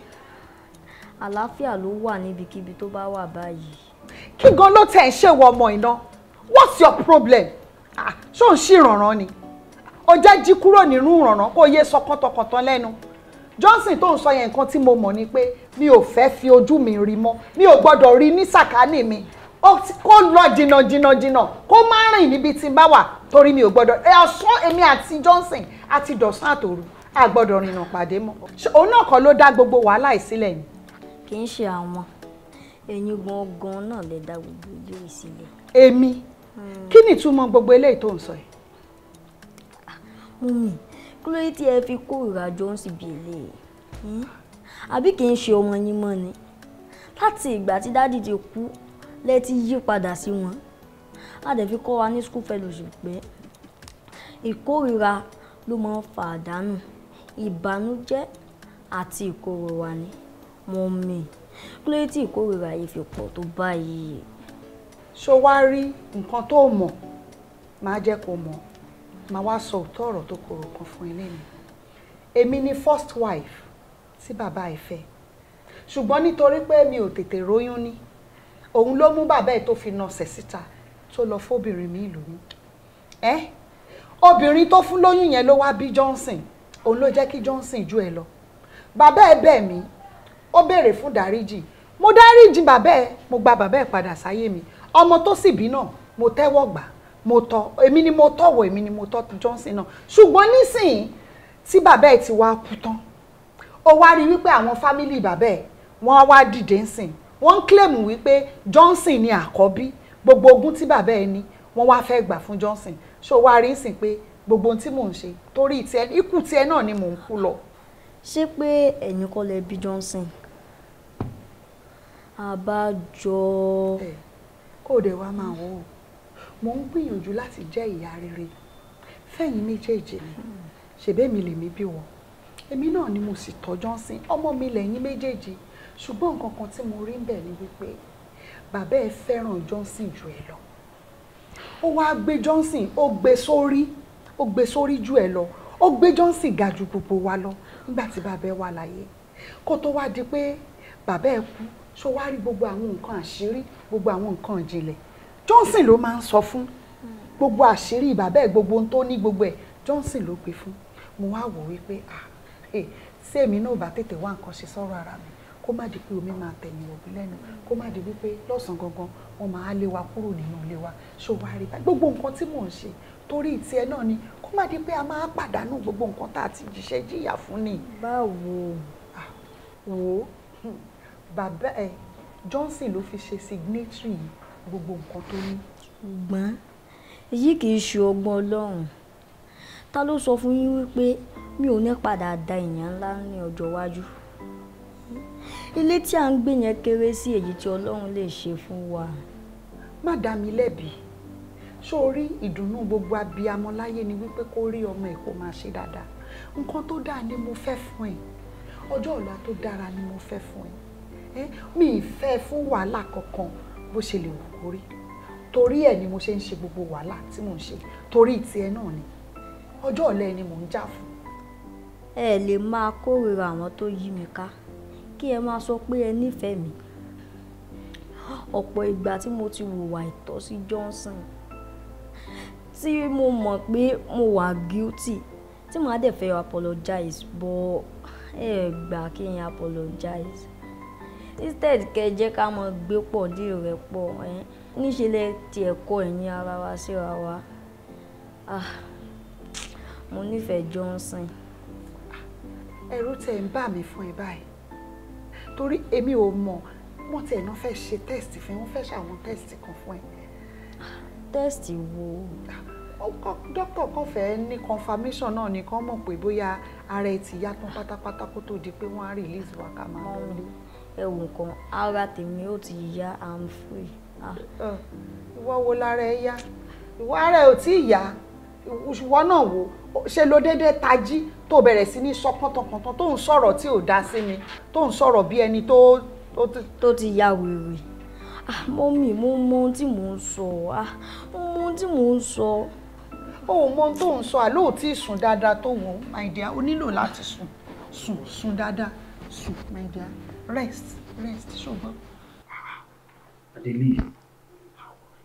Speaker 5: àlàáfíà ló wà níbikíbi tó bá wà báyìí. kí gan ló tẹ̀ ń ṣèwọ ọmọ iná what's your problem ah, ṣó ń ṣèrànràn ni ọjà jí kúrò nínú ìrànràn kó yé sọ kọ́tọ̀kọ́tọ̀ lẹ́nu johnson tó ń sọ yẹn nǹkan tí mo mọ̀ ni pé mi ò fẹ́ fi ojú mi rí mọ́ mi ò gbọ́dọ̀ rí ní sàkání mi kó lọ jìnnà jìnnà jìnnà kó má rìn níbi tí n bá wà torí mi ò gbọ́dọ̀ ẹ èmi àti Johnson àti dọ̀sán àtòru a gbọ́dọ̀ rìnnà pàdé mọ́ òun náà kọ́ ló dá gbogbo wàhálà ìsílẹ̀ yìí. kì í ṣe àwọn
Speaker 7: ẹ̀yin gangan náà lè dá gbogbo ojú ìsílẹ̀.
Speaker 5: èmi hmm. kí ni ìtumọ̀ gbogbo eléyìí tó ń sọ yìí. Ah, mummy kí ló dé tí
Speaker 7: ẹ fi kó ìrà Johnson bí eléyìí hmm? àbí kì í ṣe ọmọ yín mọ́ ni láti ìgbà tí dádì ti kú lẹ ti yí padà sí wọn a dẹ̀ fi kọ́ wa ní school fellowship pé ìkórira ló máa ń fa àdánù ìbànújẹ́ àti ìkórira ni mo mì kí ló tí
Speaker 5: ìkórira yìí fi pọ̀ tó báyìí. ṣó wá rí nǹkan tó mọ̀ máa jẹ́ kó mọ̀ máa wá sọ òótọ́ ọ̀rọ̀ tó korò kan fún ilé mi èmi ni first wife tí bàbá ìfẹ́ ṣùgbọ́n nítorí pé mi ò tètè róyún ni òun ló mú bàbá ẹ̀ tó fi nọsẹ̀ síta tó lọ fóbìnrin mi lóyún ẹ obìnrin tó fún lóyún yẹn ló wá bí Johnson òun ló jẹ́ kí Johnson ju ẹ lọ bàbá ẹ̀ bẹ̀ mí ó béèrè fún dáríjì mo dáríjì bàbá ẹ̀ mo gba bàbá ẹ̀ padà sáyé mi ọmọ tó sì bí náà mo tẹ́wọ́ gbà mo tọ́ èmi ni mo tọ́wọ́ èmi ni mo tọ́ Johnson náà ṣùgbọ́n nísìnyí tí bàbá ẹ̀ ti wá kú tán ó wá rí wípé àwọn fámìlì bàbá ẹ̀ wọ́n wá dìde ń wọ́n ń kílèmù wípé Johnson ni àkọ́bí gbogbo ogún tí bàbá ẹ ní wọ́n wá fẹ́ gbà fún Johnson ṣó wá rí sí pé gbogbo ohun tí mò ń ṣe torí tiẹ̀ ikú tiẹ̀ náà ni mò ń kú lọ. ṣé pé ẹ̀yin kọ́ lẹ bí Johnson àbájọ. òde wa máa wò ó mò ń gbìyànjú láti jẹ́ ìyá rere fẹ́yìn méjèèjì ni ṣèbẹ́mi lèmi bí wọ́n èmi náà ni mo sì tọ́ Johnson ọmọ mi lẹ́yìn méjèèjì ṣùgbọ́n nǹkan kan tí mo rí ń bẹ̀ ni wípé bàbá ẹ fẹ́ràn Johnson jù ẹ lọ ó wáá gbé Johnson ó gbé sórí ó gbé sórí jù ẹ lọ ó gbé Johnson ga ju gbogbo wa lọ nígbà tí bàbá ẹ wà láyé kó tó wá di pé bàbá ẹ kú ṣó wá rí gbogbo àwọn nǹkan àṣírí gbogbo àwọn nǹkan ìjìnlẹ̀ Johnson ló máa ń sọ fún gbogbo àṣírí bàbá ẹ gbogbo tó ní gbogbo ẹ Johnson ló gbé fún mo wá wò wípé ah ṣé èmi náà bá tètè wá nǹkan ṣe sọ́rọ̀ ara mi kó má di pé omi máa tẹ̀yìn òbí lẹ́nu kó má di wípé lọ́sàn-án gangan wọ́n máa lé wa kúrò nínú ilé wa ṣó wá rí báyìí gbogbo nǹkan tí mò ń ṣe torí tiẹ̀ náà ni kó má di pé a máa pàdánù gbogbo nǹkan tá a ti jíṣẹ́ jìyà fún ni. báwo wo hmm, bàbá ẹ Johnson ló fi ṣe signatory gbogbo nǹkan tó ní. ṣùgbọ́n
Speaker 7: èyí kì í ṣe ọgbọ́n Ọlọ́run ta ló sọ fún yín wípé mi ò ní padà da èèyàn ńlá ní ọjọ́ iwájú ilé tí à ń gbé yẹn kéré sí
Speaker 5: èyí tí ọlọ́run lè ṣe fún wa. má dá mi lẹ́bi sórí ìdùnnú gbogbo abiyamọ láyé ni wípé kó rí ọmọ ẹ̀ kó máa ṣe dáadáa nǹkan tó dáa ni mo fẹ́ fún ẹ ọjọ́ ọ̀la tó dára ni mo fẹ́ fún ẹ mi ì fẹ́ fún wàhálà kankan bó ṣe lè wù kó torí ẹ̀ ni mo ṣe ń ṣe gbogbo wàhálà tí mò ń ṣe torí tiẹ̀ náà ni ọjọ́ ọ̀la ẹ ni mò ń jà fún.
Speaker 7: ẹ lè máa kórìíra àwọn tó yí mi ká kí ẹ máa sọ pé ẹ nífẹ̀ẹ́ mi ọ̀pọ̀ ìgbà tí mo ti hùwà ìtọ́ sí Johnson tí mo mọ̀ pé mo wà guilty tí màá dẹ̀ fẹ́ apologize but ẹ gbà kí n apologize instead kẹ́ jẹ́ ká mọ gbé pọ̀ dí rẹ̀ pọ̀ ẹ́ níṣẹ́ lẹ tiẹ̀ kọ ẹ̀yìn ara wa síra wa
Speaker 5: ah mo nífẹ̀ẹ́ Johnson. ẹ̀rù tẹ̀ ń bà mí fún ẹ báyìí torí èmi ò mọ̀ wọ́n tiẹ̀ náà fẹ́ ṣe test fún wọ́n fẹ́ ṣàwọn test kan fún ẹ. test wo. dókítà kan fẹ́ ní confirmation náà ni kán mọ̀ pé bóyá ara ẹ ti yá tán pátápátá kó tó di pé wọ́n á release wa ká máa lọ. ẹ wò kan ara tèmi ó ti yá i'm free. Ah. ìwọ wo lára ẹ yá ìwọ ara ẹ ò tí ì yá ìwọ náà wò ṣe ló déédéé tají tó bẹ̀rẹ̀ sí ní sọ pọ́ntọ̀pọ́ntọ̀ tó ń sọ̀rọ̀ tí ò dá sí mi tó ń sọ̀rọ̀ bí ẹni tó. tó ti ya wèrè ah mọ́mì mo mọ ohun tí mò ń sọ ah mo mọ ohun tí mò ń sọ. o mọ ohun tó ń sọ àlọ́ ò tí ì sùn dáadáa tó wọ̀ my dear o nílò láti sùn sùn sùn dáadáa sùn my dear rest rest ṣùgbọ́n.
Speaker 9: Adele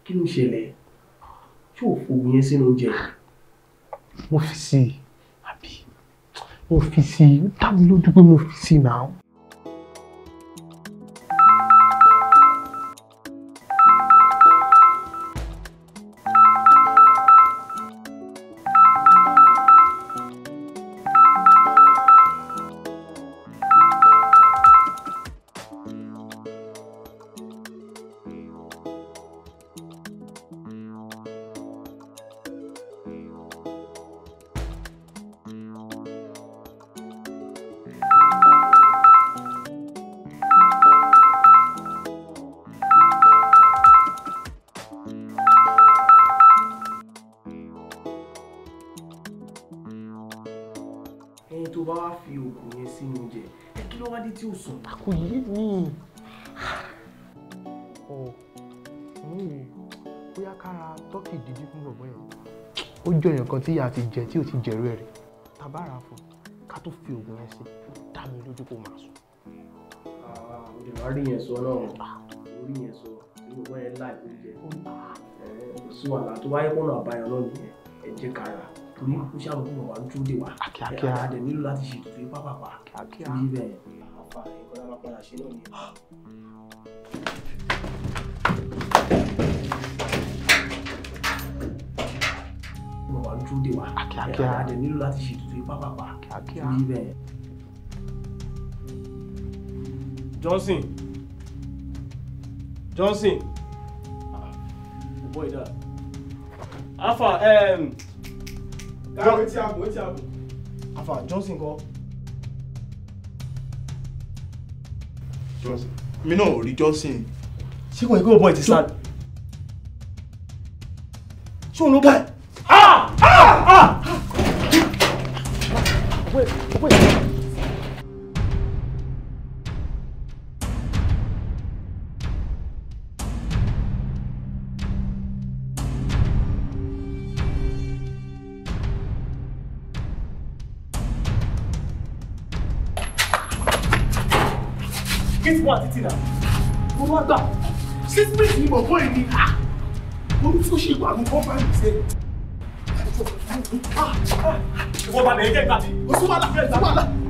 Speaker 9: kí ló ń ṣẹlẹ̀ ṣé òfò yẹn sínú jẹ yìí.
Speaker 8: mo fi sí i mo fi
Speaker 2: sí i ó mo fi sí tí a ti jẹ tí ò ti jẹrú ẹ̀ rí
Speaker 1: tabara fún ká tó
Speaker 9: fi
Speaker 8: oògùn yẹn sí dá mi lójú kó máa sùn.
Speaker 9: òde ah, wàá rí yẹn sọ náà orí yẹn sọ nínú wọn yẹn láì oúnjẹ kò sí wàhálà tó wáyé pọnà àbáyọ náà nìyẹn ẹ jẹ́ kára torí ó ṣàmù kó wà lójú òde wa àkíákíá àdẹ nílò láti ṣe ìtòkè
Speaker 3: pápápá àkíákíá yí
Speaker 9: bẹ́ẹ̀ àpá ìkọlá máa padà ṣe náà nìyẹn. [gasps] dè wá kíákíá àdè nílò láti ṣe tuntun ipá pàpà kíákíá ní bẹ́ẹ̀. Johnson
Speaker 8: Johnson ah, boy da afa um, káwé tí a bò tí a bò afa Johnson kọ.
Speaker 2: Johnson mi náà ò rí Johnson.
Speaker 8: ṣé kò ní kí o bọ̀ ẹ̀ ti sáà. ṣé òun ló bá ẹ̀. Wait. wá gbà. Ṣé spirit ni bọ̀bọ̀ yìí ni? Orí tí ó ṣe ìwà àrùn kọ́ńpáì ṣe. 啊！我把那件拿去，我收完了，收完了。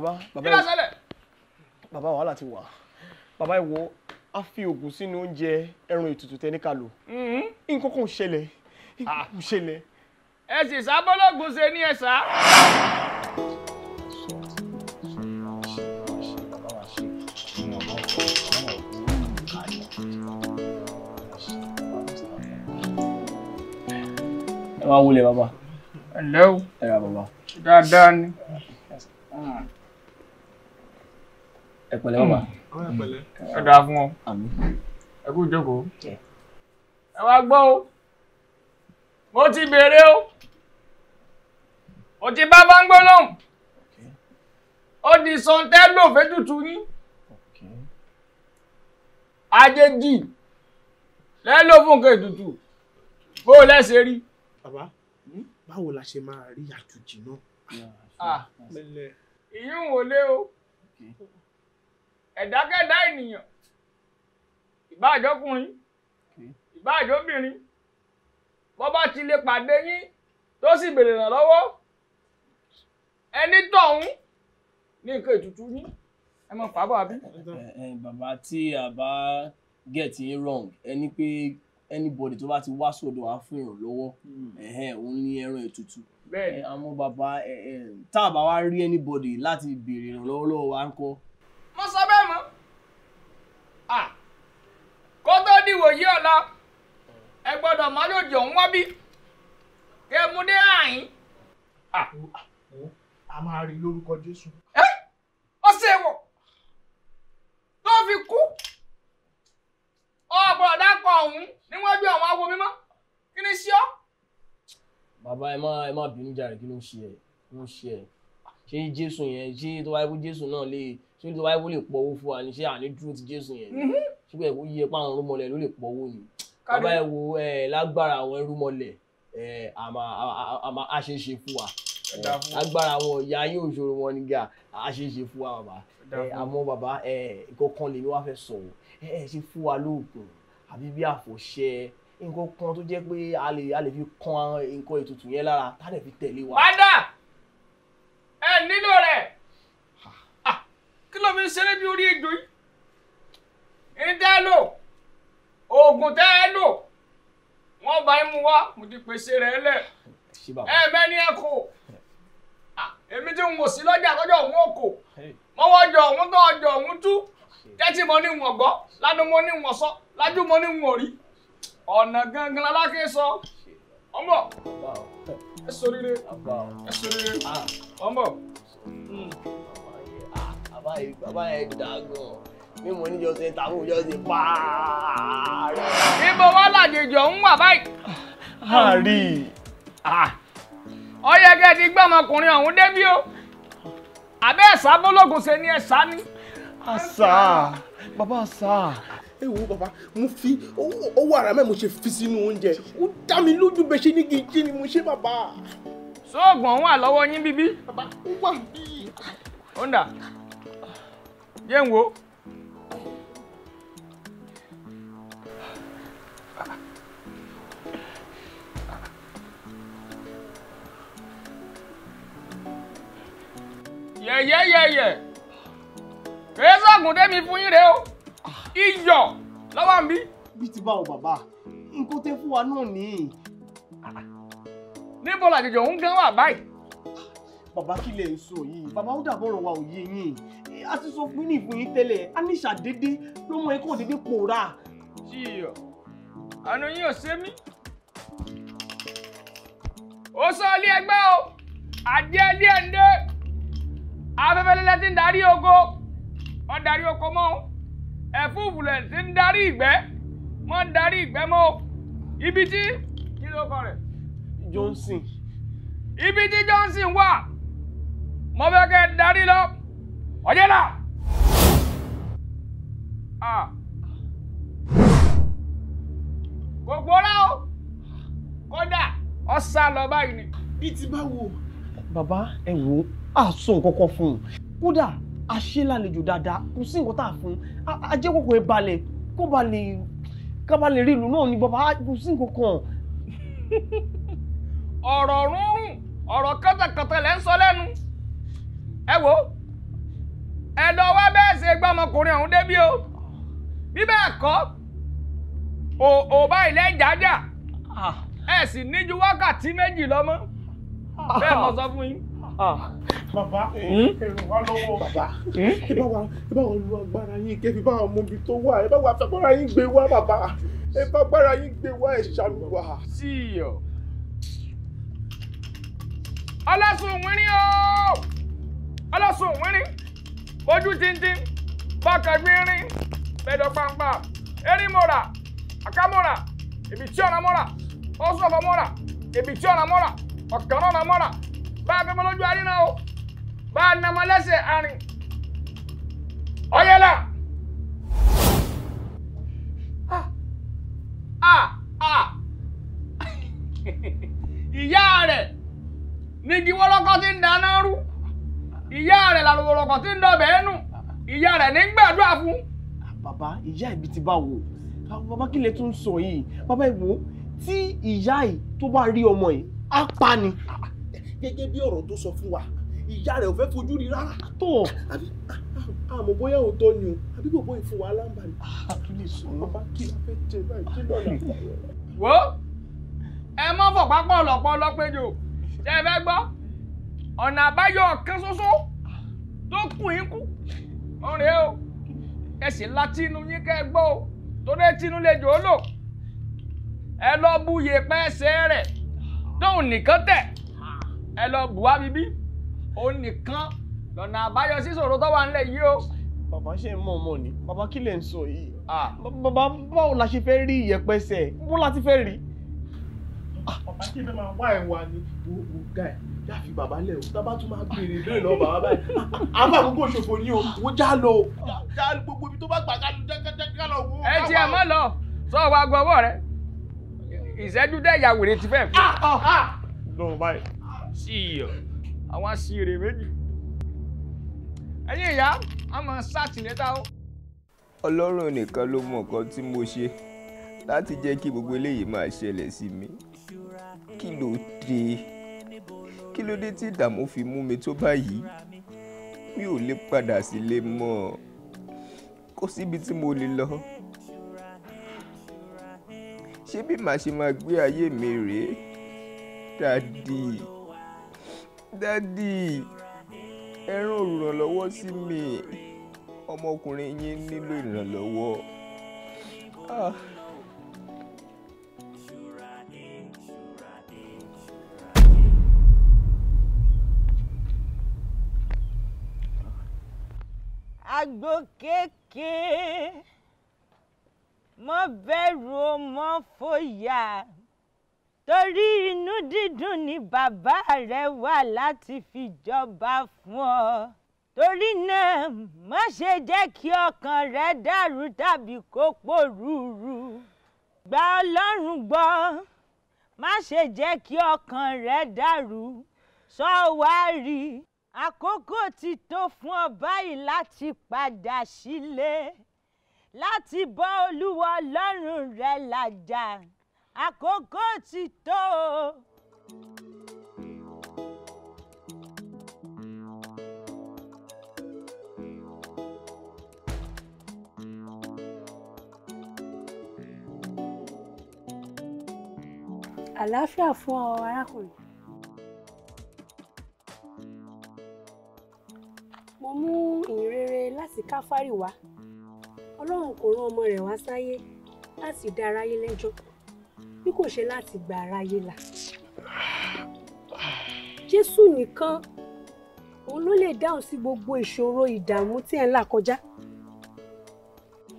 Speaker 9: bàbá bàbá bàbá wàhálà ti wà bàbá ẹ wo a fi oògùn sínú oúnjẹ ẹran ètùtù tẹni ká lò mm-hmm. nǹkan kan ò ṣẹlẹ̀ ah. nǹkan kan ò ṣẹlẹ̀.
Speaker 10: ẹ sì sábọ́lọ́gùn ṣe ní ẹ̀sà.
Speaker 9: ẹ wá wọlé bàbá. ẹ lẹ́wọ̀. ẹ rà bàbá.
Speaker 10: dáadáa ni.
Speaker 9: ẹ pẹ̀lẹ́
Speaker 6: bàbá ẹ mm. dáa
Speaker 10: fún ọ ẹ kú jókòó ẹ wá gbọ́ o mo ti béèrè o mo ti bá fáńgbọ́lọ́hùn ó di sọ̀ǹtẹ́lò fẹ́tùtù yín àjèjì lẹ́lò fún nǹkan ètùtù
Speaker 8: bó o lẹ́sẹ̀ rí. bàbá hmm? báwo la ṣe máa rí àjòjì náà.
Speaker 10: Ah. ìyún ò lé o ẹ̀dákẹ́dá ènìyàn ìbáàjọ́kùnrin ìbáàjọ́bìnrin wọ́n bá ti lè pàdé yín tó sì bèrè ràn lọ́wọ́ ẹni tọ̀hún
Speaker 9: ní nǹkan ètùtù yín ẹ mọ fà bàbí. bàbá tí a bá get it wrong ẹni pé anybody tó bá ti wá sọ́dọ̀ wa fún ìrànlọ́wọ́ hmm. òun ní ẹran ètùtù àmọ́ bàbá tá a bá wá rí anybody láti béèrè ìrànlọ́wọ́ lọ́wọ́ wa ń kọ́. mo sọ bẹ́ẹ̀
Speaker 10: ìwòye ọ̀la ẹ gbọ́dọ̀ má lòdì ọ̀hún wá bí kẹ́ mú dé àyín.
Speaker 8: a máa rí lórúkọ Jésù.
Speaker 10: ẹ ọsẹ wọ tó fi kú ọgbọ̀n dákọ̀ ọ̀hún níwájú àwọn awo mímọ́ kí ni sí ọ.
Speaker 9: bàbá ẹ má ẹ má bínú jàre kí ló ń ṣe ẹ kí ló ń ṣe ẹ ṣé Jésù yẹn ṣé tó wáyé kú Jésù náà lè ṣé tó wáyé kú lè pọ̀ owó fún wa ni ṣé àní dúró ti Jésù yẹn. Mhm síbẹ̀ ó yẹ páwọn rúmọlẹ̀ ló lè pọ̀ owó ni bàbá ẹ wo lágbára àwọn rúmọlẹ̀ àmà àṣeṣe fún wa lágbára àwọn ìyá yín òṣòro wọn ni gà àṣeṣe fún wa bàbá àmọ́ bàbá ìkọ̀kan lèmi wá fẹ́ sọ̀rọ̀ ẹ ṣe fún wa lóògùn àbí bí àfọ̀ṣẹ nǹkan kan tó jẹ́ pé a lè a lè fi kan nǹkan ètùtù yẹn lára tá a lè fi tẹ̀lé wa. padà
Speaker 10: ẹ nílò rẹ ah, kí ló fi ń ṣeré bí orí ejò yìí ìdẹ́ lò oògùn tẹ́ ẹ lò wọ́n bá ń mu wá mo ti pèsè rẹ̀ lẹ̀ ẹ mẹ́ni ẹ kò èmi tí mo sí lọ́jà lọ́jọ́ òun ò kò mọ́wọ́ jọ òun tó ọjọ́ òun tú tẹ́tí mo ní wọ̀n gbọ́ ládùn mo ní wọ̀n sọ lájú mo ní wọ̀n rí ọ̀nà gangan lálákè sọ
Speaker 9: ọmọ ẹ sọríire ẹ sọríire ah. ọmọ. bàbá yẹn ah, dàgbọ́n bí mo ní jọ ṣe tààmù jọ ṣe pààrọ̀.
Speaker 10: ibo wá làjèjọ ń wà báyìí. àárí. Ah. ó yẹ kẹ́ ẹ ti gbọ́ ọmọkùnrin ọ̀hún débí o àbẹ́ ẹ̀sà bọ́lọ́gùn ṣe ni ẹ̀sà ni.
Speaker 8: àṣà bàbá àṣà ẹ wo bàbá mo fi owó ara mẹ́ mo ṣe fi sínú oúnjẹ ó dá mi lójú bẹ́ẹ̀ ṣe ní gidi ni mo ṣe bàbá.
Speaker 10: sóògùn wà lọ́wọ́ yín bíbí. bàbá ó wà bíi. ó ń dà yé ń wo. yẹ̀yẹ̀yẹ̀yẹ̀ kèé sọ̀gùn tẹ́mi fún yín rẹ o
Speaker 9: iyọ̀ lọ́wọ́ mi. bí ti bá o bàbá
Speaker 6: nǹkan tẹ́ fún wa náà nìyí.
Speaker 9: níbo làjèjì òun gan wà báyìí. bàbá kí lè sọ yìí bàbá ó dàbọ̀rọ̀ wa ò yé yín a ti sọ fún yín fún yín tẹ́lẹ̀ a ní ìṣàdédé ló mọ ẹ̀kọ́ dédé pòórá.
Speaker 10: iyọ̀ àánú yín ò ṣe mí. ó sọ ilé ẹgbẹ́ o àdé ilé ẹ̀ǹdẹ́ afẹ́fẹ́ lẹ́lẹ́ ti ń darí ogo wọ́n darí oko mọ́ o ẹ̀fúùfù lẹ̀ ti ń darí ìgbẹ́ wọ́n ń darí ìgbẹ́ mọ́ ibi tí kí ló kọ rẹ̀. Johnson. ibi tí Johnson wà mo fẹ́ kẹ́ darí lọ ọ̀jẹ̀ náà. Ah. kò gbóná o kódà ọ sá lọ báyìí ni. bí ti bá wo.
Speaker 9: bàbá ẹ wo a sọ nǹkan kan fún un kódà a ṣe lálejò dáadáa kò sí nǹkan tá a fún un ajẹ́kọ̀ọ́kọ̀ ẹ balẹ̀ kó ba lè ká ba lè rí ìlú náà ni bàbá kò sí nǹkan kan.
Speaker 10: ọ̀rọ̀ rúnrún ọ̀rọ̀ kọ́tàkọ́tà lẹ́ ń sọ lẹ́nu ẹ wo ẹ lọ bẹ́ẹ̀ ṣe gbọ́mọkùnrin ọ̀hún débi o bí bẹ́ẹ̀ kọ́ òbá ilẹ̀ jàjà ah. ah. ẹ sì ní ju wákàtí méjì lọ mọ́ ah. bẹ́ẹ̀ mo sọ fún yín.
Speaker 8: bàbá hmm? èrò wa lọ́wọ́ bàbá hmm? Hmm? ẹ bá wa ẹ bá wa lu agbára yín kẹ́ fi bá wa mọ ibi tó wà ẹ bá wa fagbára yín gbé wá bàbá ẹ bá agbára yín gbé wá ẹ ṣàlùwà. sí i ọ
Speaker 10: ọlọ́sùn wínrín o ọlọ́sùn wínrín ojú tíntín bọ́kàn gbínrín bẹ́ẹ̀ dọ́ pàmpá erin mọ́ra akamora ebichiona mora osofo mora ebichiona mora ọ̀kanọ́nà mọ́ra bá a fẹ́mọ́ lójú àárín náà o bá a nàmọ́ lẹ́sẹ̀ àárín ọ̀yẹ́là. Ah, ah, ah. [laughs] ìyá rẹ̀ nígi wọ́lọ́kọ́ tí ń dáná rú ìyá rẹ̀ làlùwọ̀lọ́kọ́ tí ń dọ̀bẹ̀ ẹ́nu ìyá rẹ̀ ní gbàdúrà fún.
Speaker 9: bàbá ìyá ìbí ti bá wò bàbá kí lè tún sọ yìí bàbá ìwò tí
Speaker 8: ìyá yìí tó bá rí ọmọ yìí á pa ni. gẹ́gẹ́ bí ọ̀rọ̀ tó sọ fún wa ìyá rẹ̀ ò fẹ́ fojú rí rárá. tó àbí àmọ́ bóyá òótọ́ ni o àbí gbogbo ìfún wa láǹbà ni. kí lè sọ bàbá kí la fẹ́ jẹ báyìí kí lọ́la. wo
Speaker 10: ẹ mọ fọpápọ ọlọpọ ọlọpẹjọ ṣe é fẹ́ ọ̀nà àbáyọ kan ṣoṣo tó kù yín kú ọ̀rẹ́ o ẹ sì láti yín kẹ́ gbọ́ o torí tinú lè jò ó lò ẹ lọ bu yèpẹ́ ẹsẹ̀ rẹ̀ tóun nìkan tẹ̀ ẹ lọ bù wá bíbí òun nìkan lọ́nà àbáyọ sí ìṣòro tó wà nílẹ̀ yìí
Speaker 9: o. bàbá ṣe ń mọ ọmọ ni bàbá kí lè ń sọ yìí bàbá báwo la ṣe fẹ́ rí ìyẹ̀pẹ̀ ẹsẹ̀ bó la ti fẹ́ rí.
Speaker 8: bàbá ṣe fẹ́ máa wá ẹ̀ wá ní gbogbo gáì yáfi bàbá lẹ̀ o tábà tún máa béèrè béèrè lọ bàbá báyìí àbá àkókò ṣòfò ni o wọ́n já lọ o já gbogbo ibi tó bá gbà ká
Speaker 10: jákàjáká lọ wo. ẹ ti ẹ lọ sọ wa gbọ rẹ ìṣẹ́jú dẹ ìyàwó rẹ ti fẹ́ ah, ah, ah. lọ báyìí sí iyọ àwọn aṣèrè méjì ẹ̀yin ìyá a máa ṣàtìlẹ́tà o.
Speaker 6: ọlọ́run nìkan ló mọ nǹkan tí mo ṣe láti jẹ́ kí gbogbo eléyìí máa ṣẹlẹ̀ sí mi kí ló dé kí ló dé tí ìdààmú fi mú mi tó báyìí mi ò lè padà sílé mọ́ kò síbi tí mo lè lọ ṣé bí màá ṣe máa gbé ayé mi rèé dádì dádì ẹ rán sí mi ọmọkùnrin yín nílò ìrànlọ́wọ́. Ah.
Speaker 3: àgbò kéèké mọ́ bẹ̀rù ó mọ́ fòyà torí inú dídùn ni bàbá rẹ wà láti fi jọba fún ọ torí náà má ṣe jẹ́ kí ọkàn rẹ dàrú tàbí kó pòrúurú gba ọlọ́run gbọ́ má ṣe jẹ́ kí ọkàn rẹ dàrú sọ wá rí i àkókò ti tó fún ọ báyìí láti padà sílé láti bọ́ olúwa ọlọ́run rẹ làjà àkókò ti tó o.
Speaker 5: àlàáfíà fún ọ arákùnrin. mo mú ìhìnrere láti káfárì wá ọlọ́run kò rán ọmọ rẹ̀ wá sáyé láti dá aráyé lẹ́jọ́ bí kò ṣe láti gba aráyé là jésù nìkan òun ló lè dáhùn sí gbogbo ìṣòro ìdààmú tí ẹ̀ ń là kọjá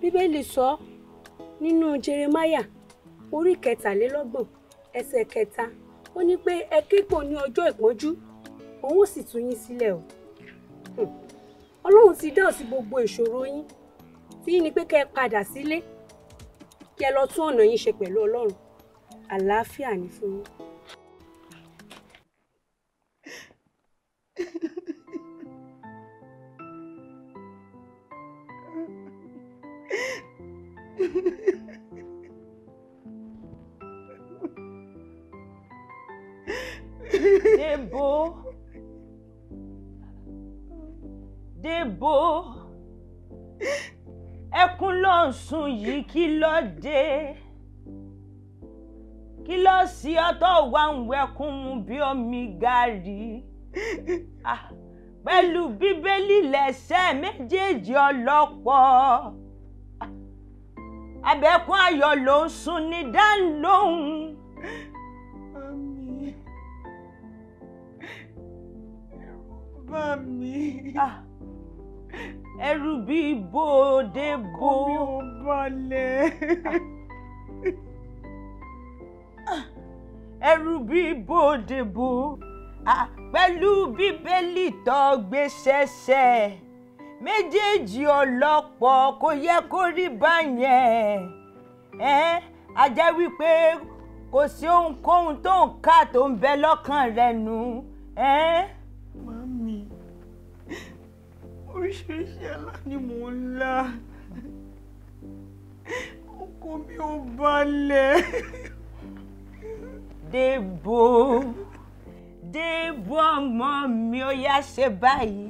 Speaker 3: bíbélì sọ nínú jeremáyà orí kẹtàlélọ́gbọ̀n ẹsẹ̀ kẹta ó ní pé ẹ képo ní ọjọ́ ìpọ́njú òun sì tú yín sílẹ̀
Speaker 5: o. Hmm ọlọ́run ti dáhùn sí gbogbo ìṣòro yín tí ní pé kẹ́ ẹ padà sílé kí ẹ lọ tún ọ̀nà yín ṣe pẹ̀lú ọlọ́run àlàáfíà ní fún yín.
Speaker 3: ń sùn yìí kí ló dé kí ló sí ọtọ wa ń wẹkùn mu bí omi gàrí ah, pẹ̀lú bíbélì lẹ́sẹ̀ méjèèjì ọlọ́pọ̀ abẹ́kún ah, ayọ̀ ló ń sùn ní dánlóhùn. Mami. Ah ẹrù bíi bòde bo. omi ò balẹ̀. ẹrù bíi bòde bo pẹ̀lú bíbélì tó gbé ṣẹ̀ṣẹ̀ méjèèjì ọlọ́pọ̀ kò yẹ kó rí báyẹn a jẹ́ wípé kò sí ohunkóhun tó ń kà tó ń bẹ lọ́kàn rẹ̀ nù. Eh? oríṣiríṣi àlá ni mò ń lá ọkọ mi ò balẹ̀. Dèbò Dèbò ọmọ mi ó yá ṣe báyìí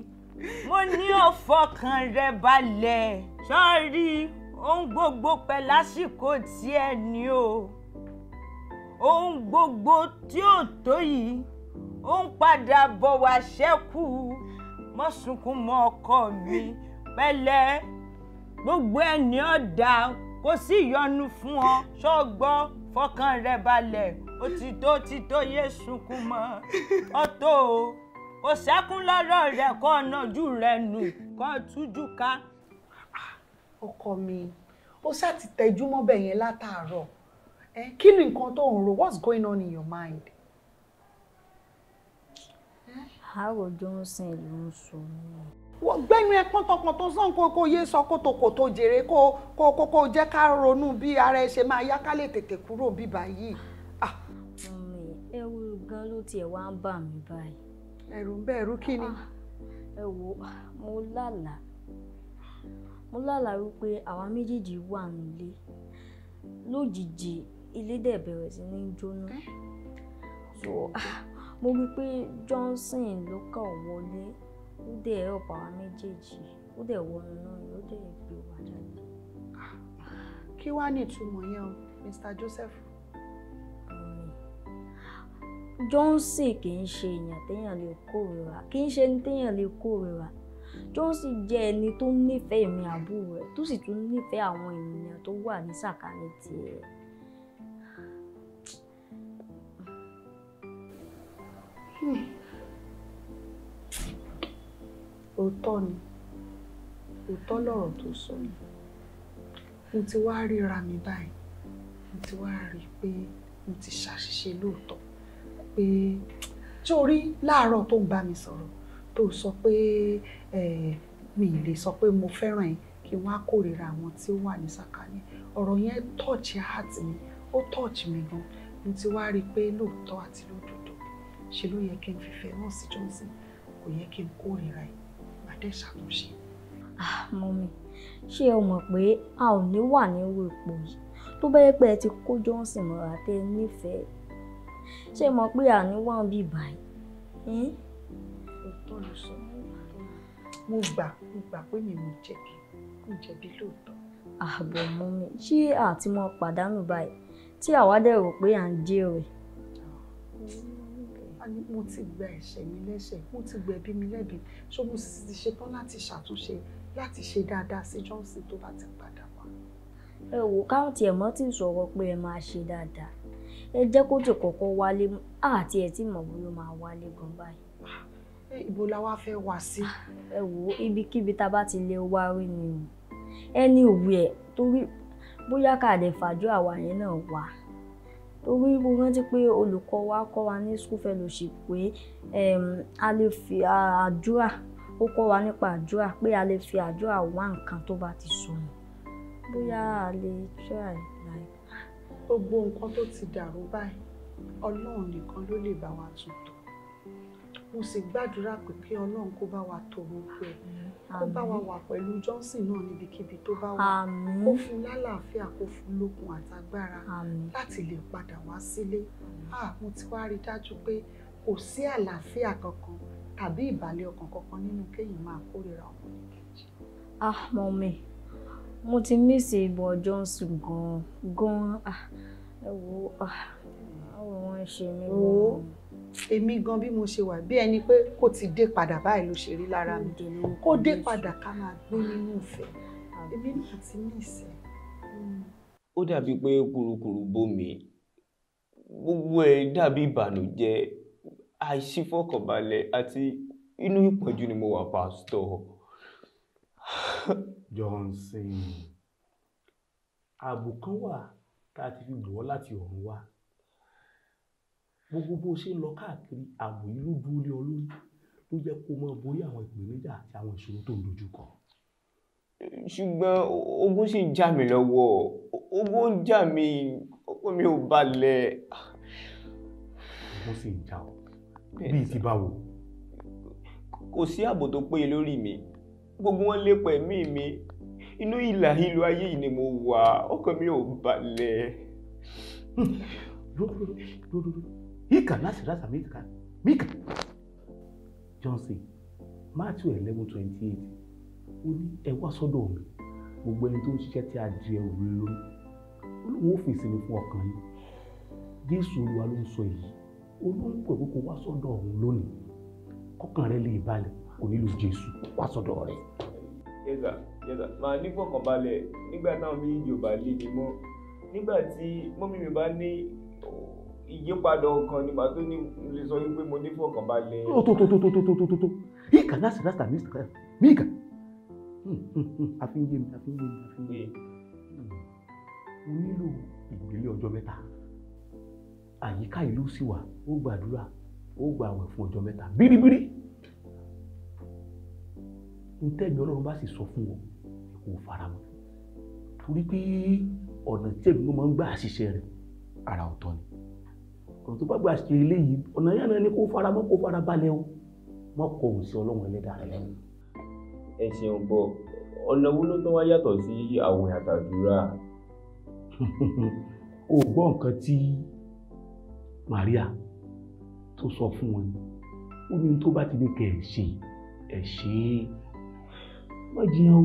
Speaker 3: mo ní ó fọkàn rẹ balẹ̀ sọ́ọ́rí ohun gbogbo pẹ̀ lásìkò tiẹ̀ ni o ohun gbogbo tí ò tó yìí ó ń padà bọ̀ wá ṣẹ́kù má sunkún mọ́ ọkọ mi pẹ̀lẹ́ gbogbo ẹni ọ̀dà kò sí ìyọnu fún ọ ṣọ́gbọ́ fọkàn rẹ balẹ̀ òtítọ́ òtítọ́ yé sunkún mọ́ ọ̀tọ̀ o kò sẹ́kún lọ́rọ̀ rẹ kọ́ ọ̀nà ojú rẹ nù kọ́ tújú ká. ọkọ mi
Speaker 5: ó ṣáà ti tẹjú mọ́bẹ̀ yẹn látàárọ̀ kí ni nǹkan tó ń ro what's going on in your mind. àròjọ ń sin ìlú ń sun. wọ́n gbẹ́nu ẹ pọ́ntọ́pọ́ntọ́ sàn kó kó yé sọ kótókótó jèrè kó kó kó kó jẹ́ ká ronú bí ara ẹ ṣe máa yá ká lè tètè kúrò bí báyìí. Ah.
Speaker 7: ẹrù gan ló tiẹ̀ wá ń bà mí báyìí. ẹ̀rù ń bẹ̀rù kí ni. Ah, ẹ wo mo lálàá mo lálàá wípé àwa méjèèjì wà nílé lójijì ilé dẹ̀ bẹ̀rẹ̀ sí ní jóná. Eh? so ah. mo rí i pé Johnson ló kà ọ́ wọlé ó dẹ̀ ẹ̀ ọ̀pọ̀ àwọn méjèèjì ó dẹ̀ wọnú náà ó dẹ̀ gbé wa jáde.
Speaker 5: kí wàá ní ìtumọ̀ yẹn o Mr. Joseph.
Speaker 7: Johnson kì í ṣe èèyàn téèyàn lè kórìíra kì í ṣe téèyàn lè kórìíra Johnson jẹ́ ẹni tó nífẹ̀ẹ́ èmi àbúrò rẹ̀ tó sì tún nífẹ̀ẹ́ àwọn ènìyàn tó wà ní sàkání tiẹ̀.
Speaker 5: òótọ́ ni òótọ́ lọ̀rọ̀ tó sọ ni mo ti wá ríra mi báyìí mo ti wá rí i pé mo ti ṣàṣìṣe lóòótọ́ pé ṣé o rí láàárọ̀ tó ń bá mi sọ̀rọ̀ tó sọ pé mi ì lè sọ pé mo fẹ́ràn ẹ̀ kí wọ́n á kórìíra àwọn tí wà ní sàkání ọ̀rọ̀ yẹn tọ́ọ̀chì heart mi ó tọ́ọ̀chì mi gan mo ti wá rí i pé lóòótọ́ àti lódodo ṣe ló yẹ kí n fìfẹ́ hàn sí Johnson kò yẹ kí n kórìíra ẹ̀ àdẹ́ ṣàtúnṣe. Ah, mọ́mí ṣé o mọ̀ pé a
Speaker 7: ò ní wà nírú ipò yìí tó bá yẹ pé ẹ ti kó Johnson mọ́ra tẹ́ ẹ nífẹ̀ẹ́ ṣé mọ̀ pé a ní wọ́n bí báyìí. Hm?
Speaker 5: òótọ́ ló sọ
Speaker 7: mo gbà mo gbà pé mi ò jẹ̀bi mo jẹ̀bi lóòótọ́. ààbọ̀ ah, mọ́mí ṣé àti pàdánù báyìí tí àwa dẹ̀ rò pé à ń jẹ́ rẹ̀.
Speaker 5: Mm-hmm mo ti gba ẹ̀ṣẹ̀ mi lẹ́ṣẹ̀ mo ti gbẹ̀bí mi lẹ́bi ṣó mo sì ti ṣetán láti ṣàtúnṣe láti ṣe dáadáa sí Johnson tó bá ti padà wá.
Speaker 7: ẹ wò káùntì ẹ̀ mọ́ ti sọ̀rọ̀ pé ẹ máa ṣe dáadáa ẹ jẹ́ kó tè kọ́kọ́ wálé àti ẹ̀ tí mọ̀ bóyá máa wálé gan báyìí.
Speaker 5: ibo la wá fẹ́
Speaker 7: wá sí. ẹ wò ibikíbi tá a bá ti lè wá rí ni ẹni òwe ẹ torí bóyá káàdé fàájọ àwa yẹn náà wà torí mo rántí pé olùkọ́ wa kọ́ wa ní school fellowship pé ehm, a lè fi àdúrà ó kọ́ wa nípa àdúrà pé a lè fi àdúrà wá nǹkan tó bá ti sọnù
Speaker 5: bóyá a lè try like. gbogbo nǹkan tó ti dàrú báyìí ọlọ́run nìkan ló lè bá wa tún tò mo sì gbàdúrà pé kí ọlọ́run kó bá wa tó gbogbo ẹ̀ kó bá wa wà pẹ̀lú johnson náà níbikíbi tó bá wà kó fún lálàáfíà kó fún lókun àtagbára láti lè padà wá sílé ah, mo ti wá rí dájú pé kò sí àlàáfíà kankan tàbí ìbàlẹ̀ ọkàn kankan nínú kéèyàn máa kórìíra ọkùnrin kejì.
Speaker 7: ah mọ̀mí mo ti mísì
Speaker 5: ìbò johnson gan-an gan-an ah, ẹ wo ọ̀rọ̀ ah, wọn ṣe mí wọ́n èmi gan bí mo ṣe wà bí ẹni pé kò ti dé padà báyìí ló ṣe rí lára mi kó dé padà ká máa gbé nínú ìfẹ́ èmi náà ti ní ìsìn.
Speaker 6: ó dàbí pé kurukuru bomi gbogbo ẹ dàbí ìbànújẹ́ àìsífọ̀kànbalẹ̀ àti inú ìpọ́njú ni mo wà pásítọ̀. [sighs] Johnson
Speaker 8: àbùkán wà tá a ti fi bọ̀ ọ́ láti ọ̀run wá gbogbo bó ṣe ń lọ káàkiri ààbò yìí ló dúró lé ọ lórí ló jẹ́ kó mọ borí àwọn ìpèníjà àti àwọn ìṣòro tó ń dojú kọ.
Speaker 6: ṣùgbọ́n ogun sì ń jà mí lọ́wọ́ ogun ń jà mí ọkọ mi ò balẹ̀. ogun sì ń jà ọ bíi ti báwo. kò sí ààbò tó péye lórí mi gbogbo wọn lépa ẹ̀mí mi inú ìlà ìlú ayé yìí ni mo wà ọkọ mi ò balẹ̀
Speaker 8: ika nasirasa mika mika johnson matthew eleven twenty eight ó ní ẹ wá sọ́dọ̀ mi gbogbo ẹni tó ń ṣiṣẹ́ tí a di ẹrù rẹ lórí olóhùn ó fi ìsinmi fún ọkàn yìí jésù olúwa ló ń sọ èyí olóhùn pè kókó wá sọ́dọ̀ òun lónìí kọ́kàn rẹ lè balẹ̀ kò nílò jésù wá sọ́dọ̀ rẹ.
Speaker 6: yẹ́sà yẹ́sà máa nífọ̀kànbalẹ̀ nígbà táwọn méjì ò bá lé mi mọ́ nígbà tí mọ́mí mi bá ní ìyípadà ọkàn ni màá tó ní lè sọ wípé mo ní fọkànbalẹ̀. Oh, tó tó tó tó
Speaker 8: tó tó tó tó tó ìkà láti láti àmì ìsìnkà mí ìkà àfihàn mi àfihàn mi
Speaker 6: àfihàn
Speaker 8: mi hmm. mo nílò ìgbélé ọjọ́ mẹ́ta àyíká ìlú sì wà ó gbàdúrà ó gba àwẹ̀ fún ọjọ́ mẹ́ta bíríbírí ntẹ́mi ọlọ́run bá sì sọ fún ọ kò fara mọ́ torí pé ọ̀nà tẹ̀mí ló máa ń gbà àṣìṣe rẹ̀ ara ọ̀tọ̀ ni ọ̀nà tó bá gbà ṣe eléyìí ọ̀nà yẹn náà ni kó fara mọ́ kó fara balẹ̀ o mọ́ kọ òun sí ọlọ́run ẹlẹ́dàá
Speaker 6: rẹ lẹ́nu. ẹ ṣeun bọ ọ̀nà wo ló tún wá yàtọ̀ sí àwẹ̀ àtàdúrà.
Speaker 8: [laughs] o gbọ́ nǹkan tí Maria tó sọ fún wọn ó ní tó bá ti ní kẹ́ ẹ̀ ṣe ẹ̀ ṣe é má jiyàn o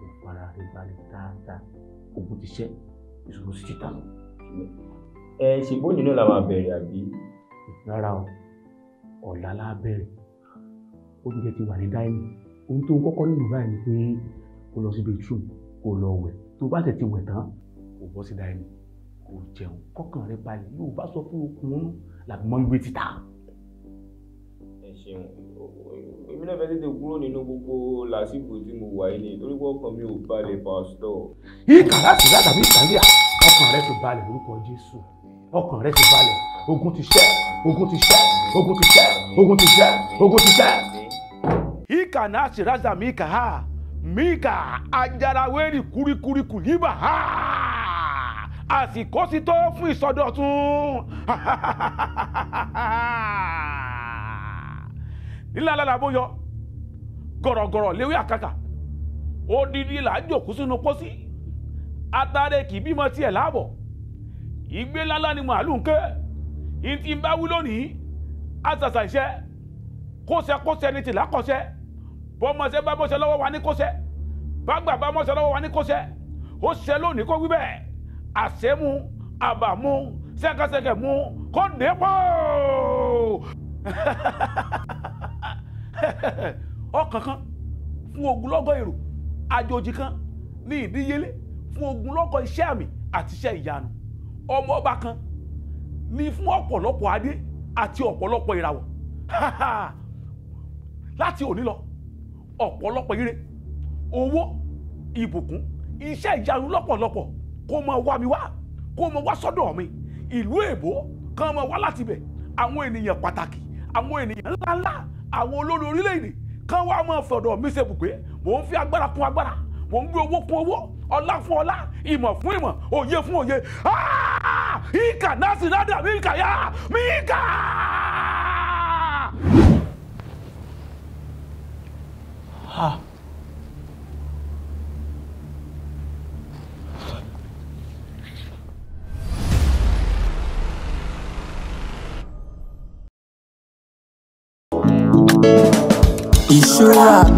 Speaker 8: kò fara rẹ balẹ̀ dáadáa ogun ti ṣẹ́ ìṣòro sí ti lọ
Speaker 6: ẹ ṣe bóni náà la máa bẹ̀rẹ̀ àbí.
Speaker 8: rárá o ọ̀la la bẹ̀rẹ̀ oúnjẹ ti wà ní dáìnì ohun tó kọ́kọ́ nínú báyìí ni pé kó lọ sí bathroom kó lọ wẹ̀ tó bá tẹ̀ ti wẹ̀ tán kó bọ́ sí dáìnì kó jẹun kọ́kàn rẹ balẹ̀ yóò bá sọ fún okun ọ̀nà làbí mọ́ ìwé títà.
Speaker 6: ẹ ṣeun èmi náà fẹ́ tètè kúrò nínú gbogbo làásìgbò tí mo wà yìí ni torí mi ò balẹ̀ pásítọ̀. yìí kàlá sí látàbí ìtàlíà
Speaker 8: ọkàn rẹ ti balẹ̀ lórúkọ Jésù ọkàn rẹ ti balẹ̀ ogun ti ṣẹ́ ogun ti ṣẹ́ ogun ti ṣẹ́ ogun ti ṣẹ́ ogun ti ṣẹ́. ika na siraza mika ha mika ajaraweri kurikuriku liba ha àsìkò sí tó fún ìsọdọ̀tun [laughs] nílẹ̀ alára bóyọ gọ̀rọ̀gọ̀rọ̀ léwé àkàkà odidi là jòkó sínú pósí atare kì í bímọ tiẹ̀ láàbọ̀ ìgbé lálá ni màálù ń ké ìtì ń bá wí lónìí àtàtà iṣẹ́ kóṣẹ kóṣẹ ní tìlá kọṣẹ bọ́mọṣẹ bá mọṣẹ lọ́wọ́ wa ní kóṣẹ bágbà bá mọṣẹ lọ́wọ́ wa ní kóṣẹ ó ṣe lónìí kó wí bẹ́ẹ̀ àṣẹmú àbàmú sẹ́kẹsẹkẹ mú kó dé pọ́ [laughs] ọkàn kan fún ogunlọ́gọ̀ èrò àjòjì kan ní ìdíyelé fún ogunlọ́gọ̀ iṣẹ́ àmì àti iṣẹ́ ìyanu ọmọ ọba kan ní fún ọ̀pọ̀lọpọ̀ adé àti ọ̀pọ̀lọpọ̀ ìràwọ̀ [laughs] láti òní lọ ọ̀pọ̀lọpọ̀ ire owó ìbùkún iṣẹ́ ìyanu lọ́pọ̀lọpọ̀ kó máa wá mi wá kó máa wá sọ́dọ̀ mi ìlú èbó kan máa wá láti bẹ̀ àwọn ènìyàn pàtàkì àwọn ènìyàn ńláńlá àwọn olórí orílẹ̀-èdè kan wá máa fọ̀dọ̀ mi ṣe bùgbé mò ń fi agbára kún agbára mò ń gbé owó kún owó ọlá fún ọlá ìmọ̀ fún ìmọ̀ òye fún òye ah! ìkà násì nádà mí yá mí ìkà. Ah!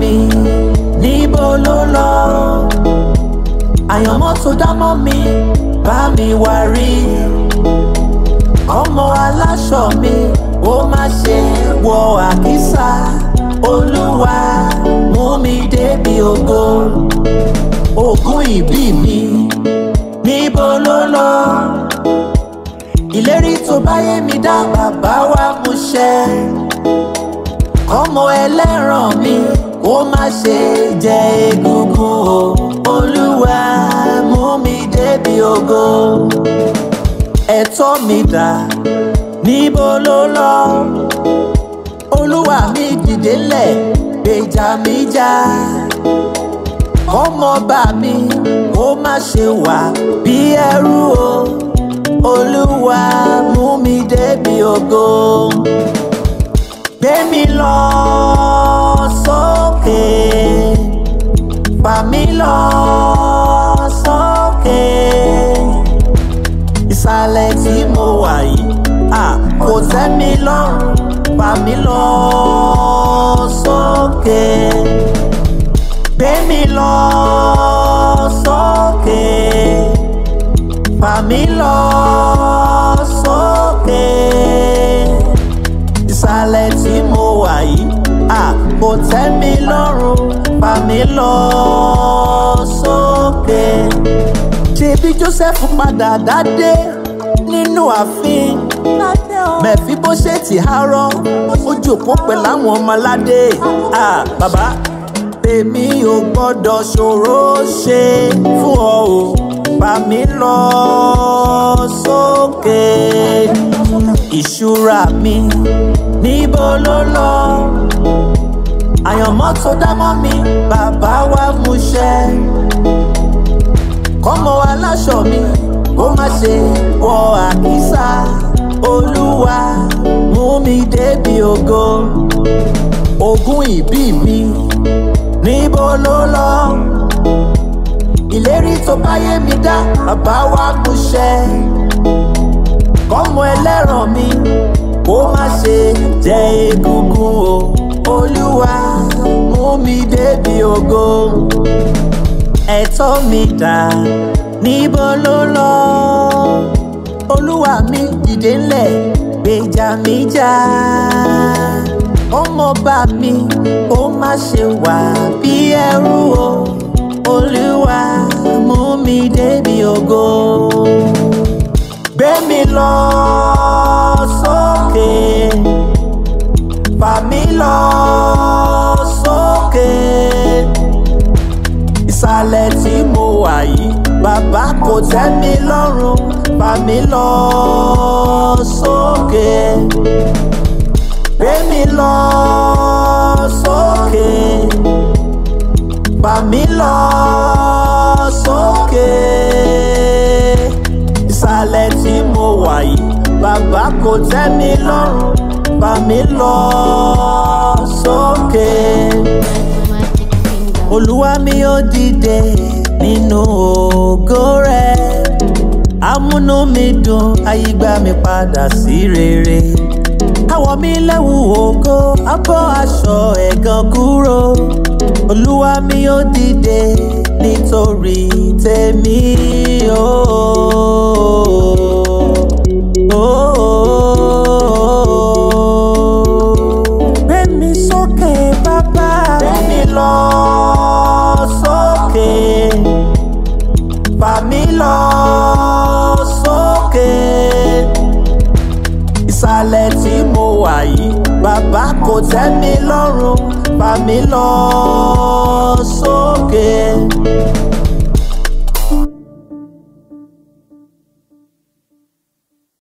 Speaker 3: mi níbo ló lọ
Speaker 4: àyànmọ́ tó dámọ́ mi bá mi wá rí ọmọ aláṣọ mi ó má ṣe wọ àkísà olúwa mú mi débi ògo ògùn ìbí mi níbo ló lọ ìlérí tó báyé mi dá bàbá wa mú ṣẹ ọmọ ẹlẹ́ràn mi ó má ṣe jẹ́ egungun o olúwa mú mi débi ògo ẹ̀tọ́ mi dà níbo ló lọ olúwa mi dìde lẹ̀ gbèjà mi já ọmọọba mi ó má ṣe wà bí ẹrú o olúwa mú mi débi ògo gbé mi lọ sókè fà mí lọ sókè ìsàlẹ̀ tí mo wà yìí kò tẹ́ mi lọ́rùn fà lọ sókè gbé lọ sókè fà lọ sókè nísàlẹ̀ tí mo wà yìí kò tẹ́ mi lọ́rùn fà mí lọ sókè. ṣe bí Joseph padà dádé nínú ààfin mẹ̀fí bó ṣe ti hárọ́ ojú òpó pẹ̀ láwọn ọmọ aládé bàbá èmi ò gbọ́dọ̀ ṣòro ṣe fún ọ o bá mi lọ sókè. So ìṣúra mi níbo ló lọ àyànmọ́ tó dámọ́ mi bàbá wa mú ṣẹ́ kọ́mọ aláṣọ mi kó má ṣe wọ àkísà olúwa mú mi débi ògo ogún ìbí mi níbo ló lọ ìlérí tó báyé mi dá bàbá wa mú kọ́mọ ẹlẹ́ràn mi kó má ṣe jẹ egungun o olúwa mú mi débi ògo ẹ̀tọ́ mi dà níbo ló lọ olúwa mi dìde ńlẹ̀ gbèjà mi jà ọmọọba mi ó má ṣe wà bí ẹrú o olúwa mú mi débi ògo mi lọ sókè fà mí lọ sókè ìsàlẹ̀ tí mo wà yìí bàbá kò tẹ́ mi lọ́rùn fà mí lọ sókè gbé mi lọ sókè fà mí lọ sókè alẹ́ tí mo wà yìí bàbá kò tẹ́ mi lọ́rùn bá mi lọ sókè olúwa mi ó dìde nínú ògo rẹ amúnú mi dùn àyígbà mi padà sí rere àwọ̀ mi lẹ́wù ògo abọ́ aṣọ ẹ̀gàn kúrò olúwa mi ó dìde nítorí tèmi ooo. Gbé mi sókè bàbá, gbé mi lọ sókè, fà mí lọ sókè. Ìsàlẹ̀ tí mo wà yìí, bàbá kò tẹ́ mi lọ́rùn, fà mí lọ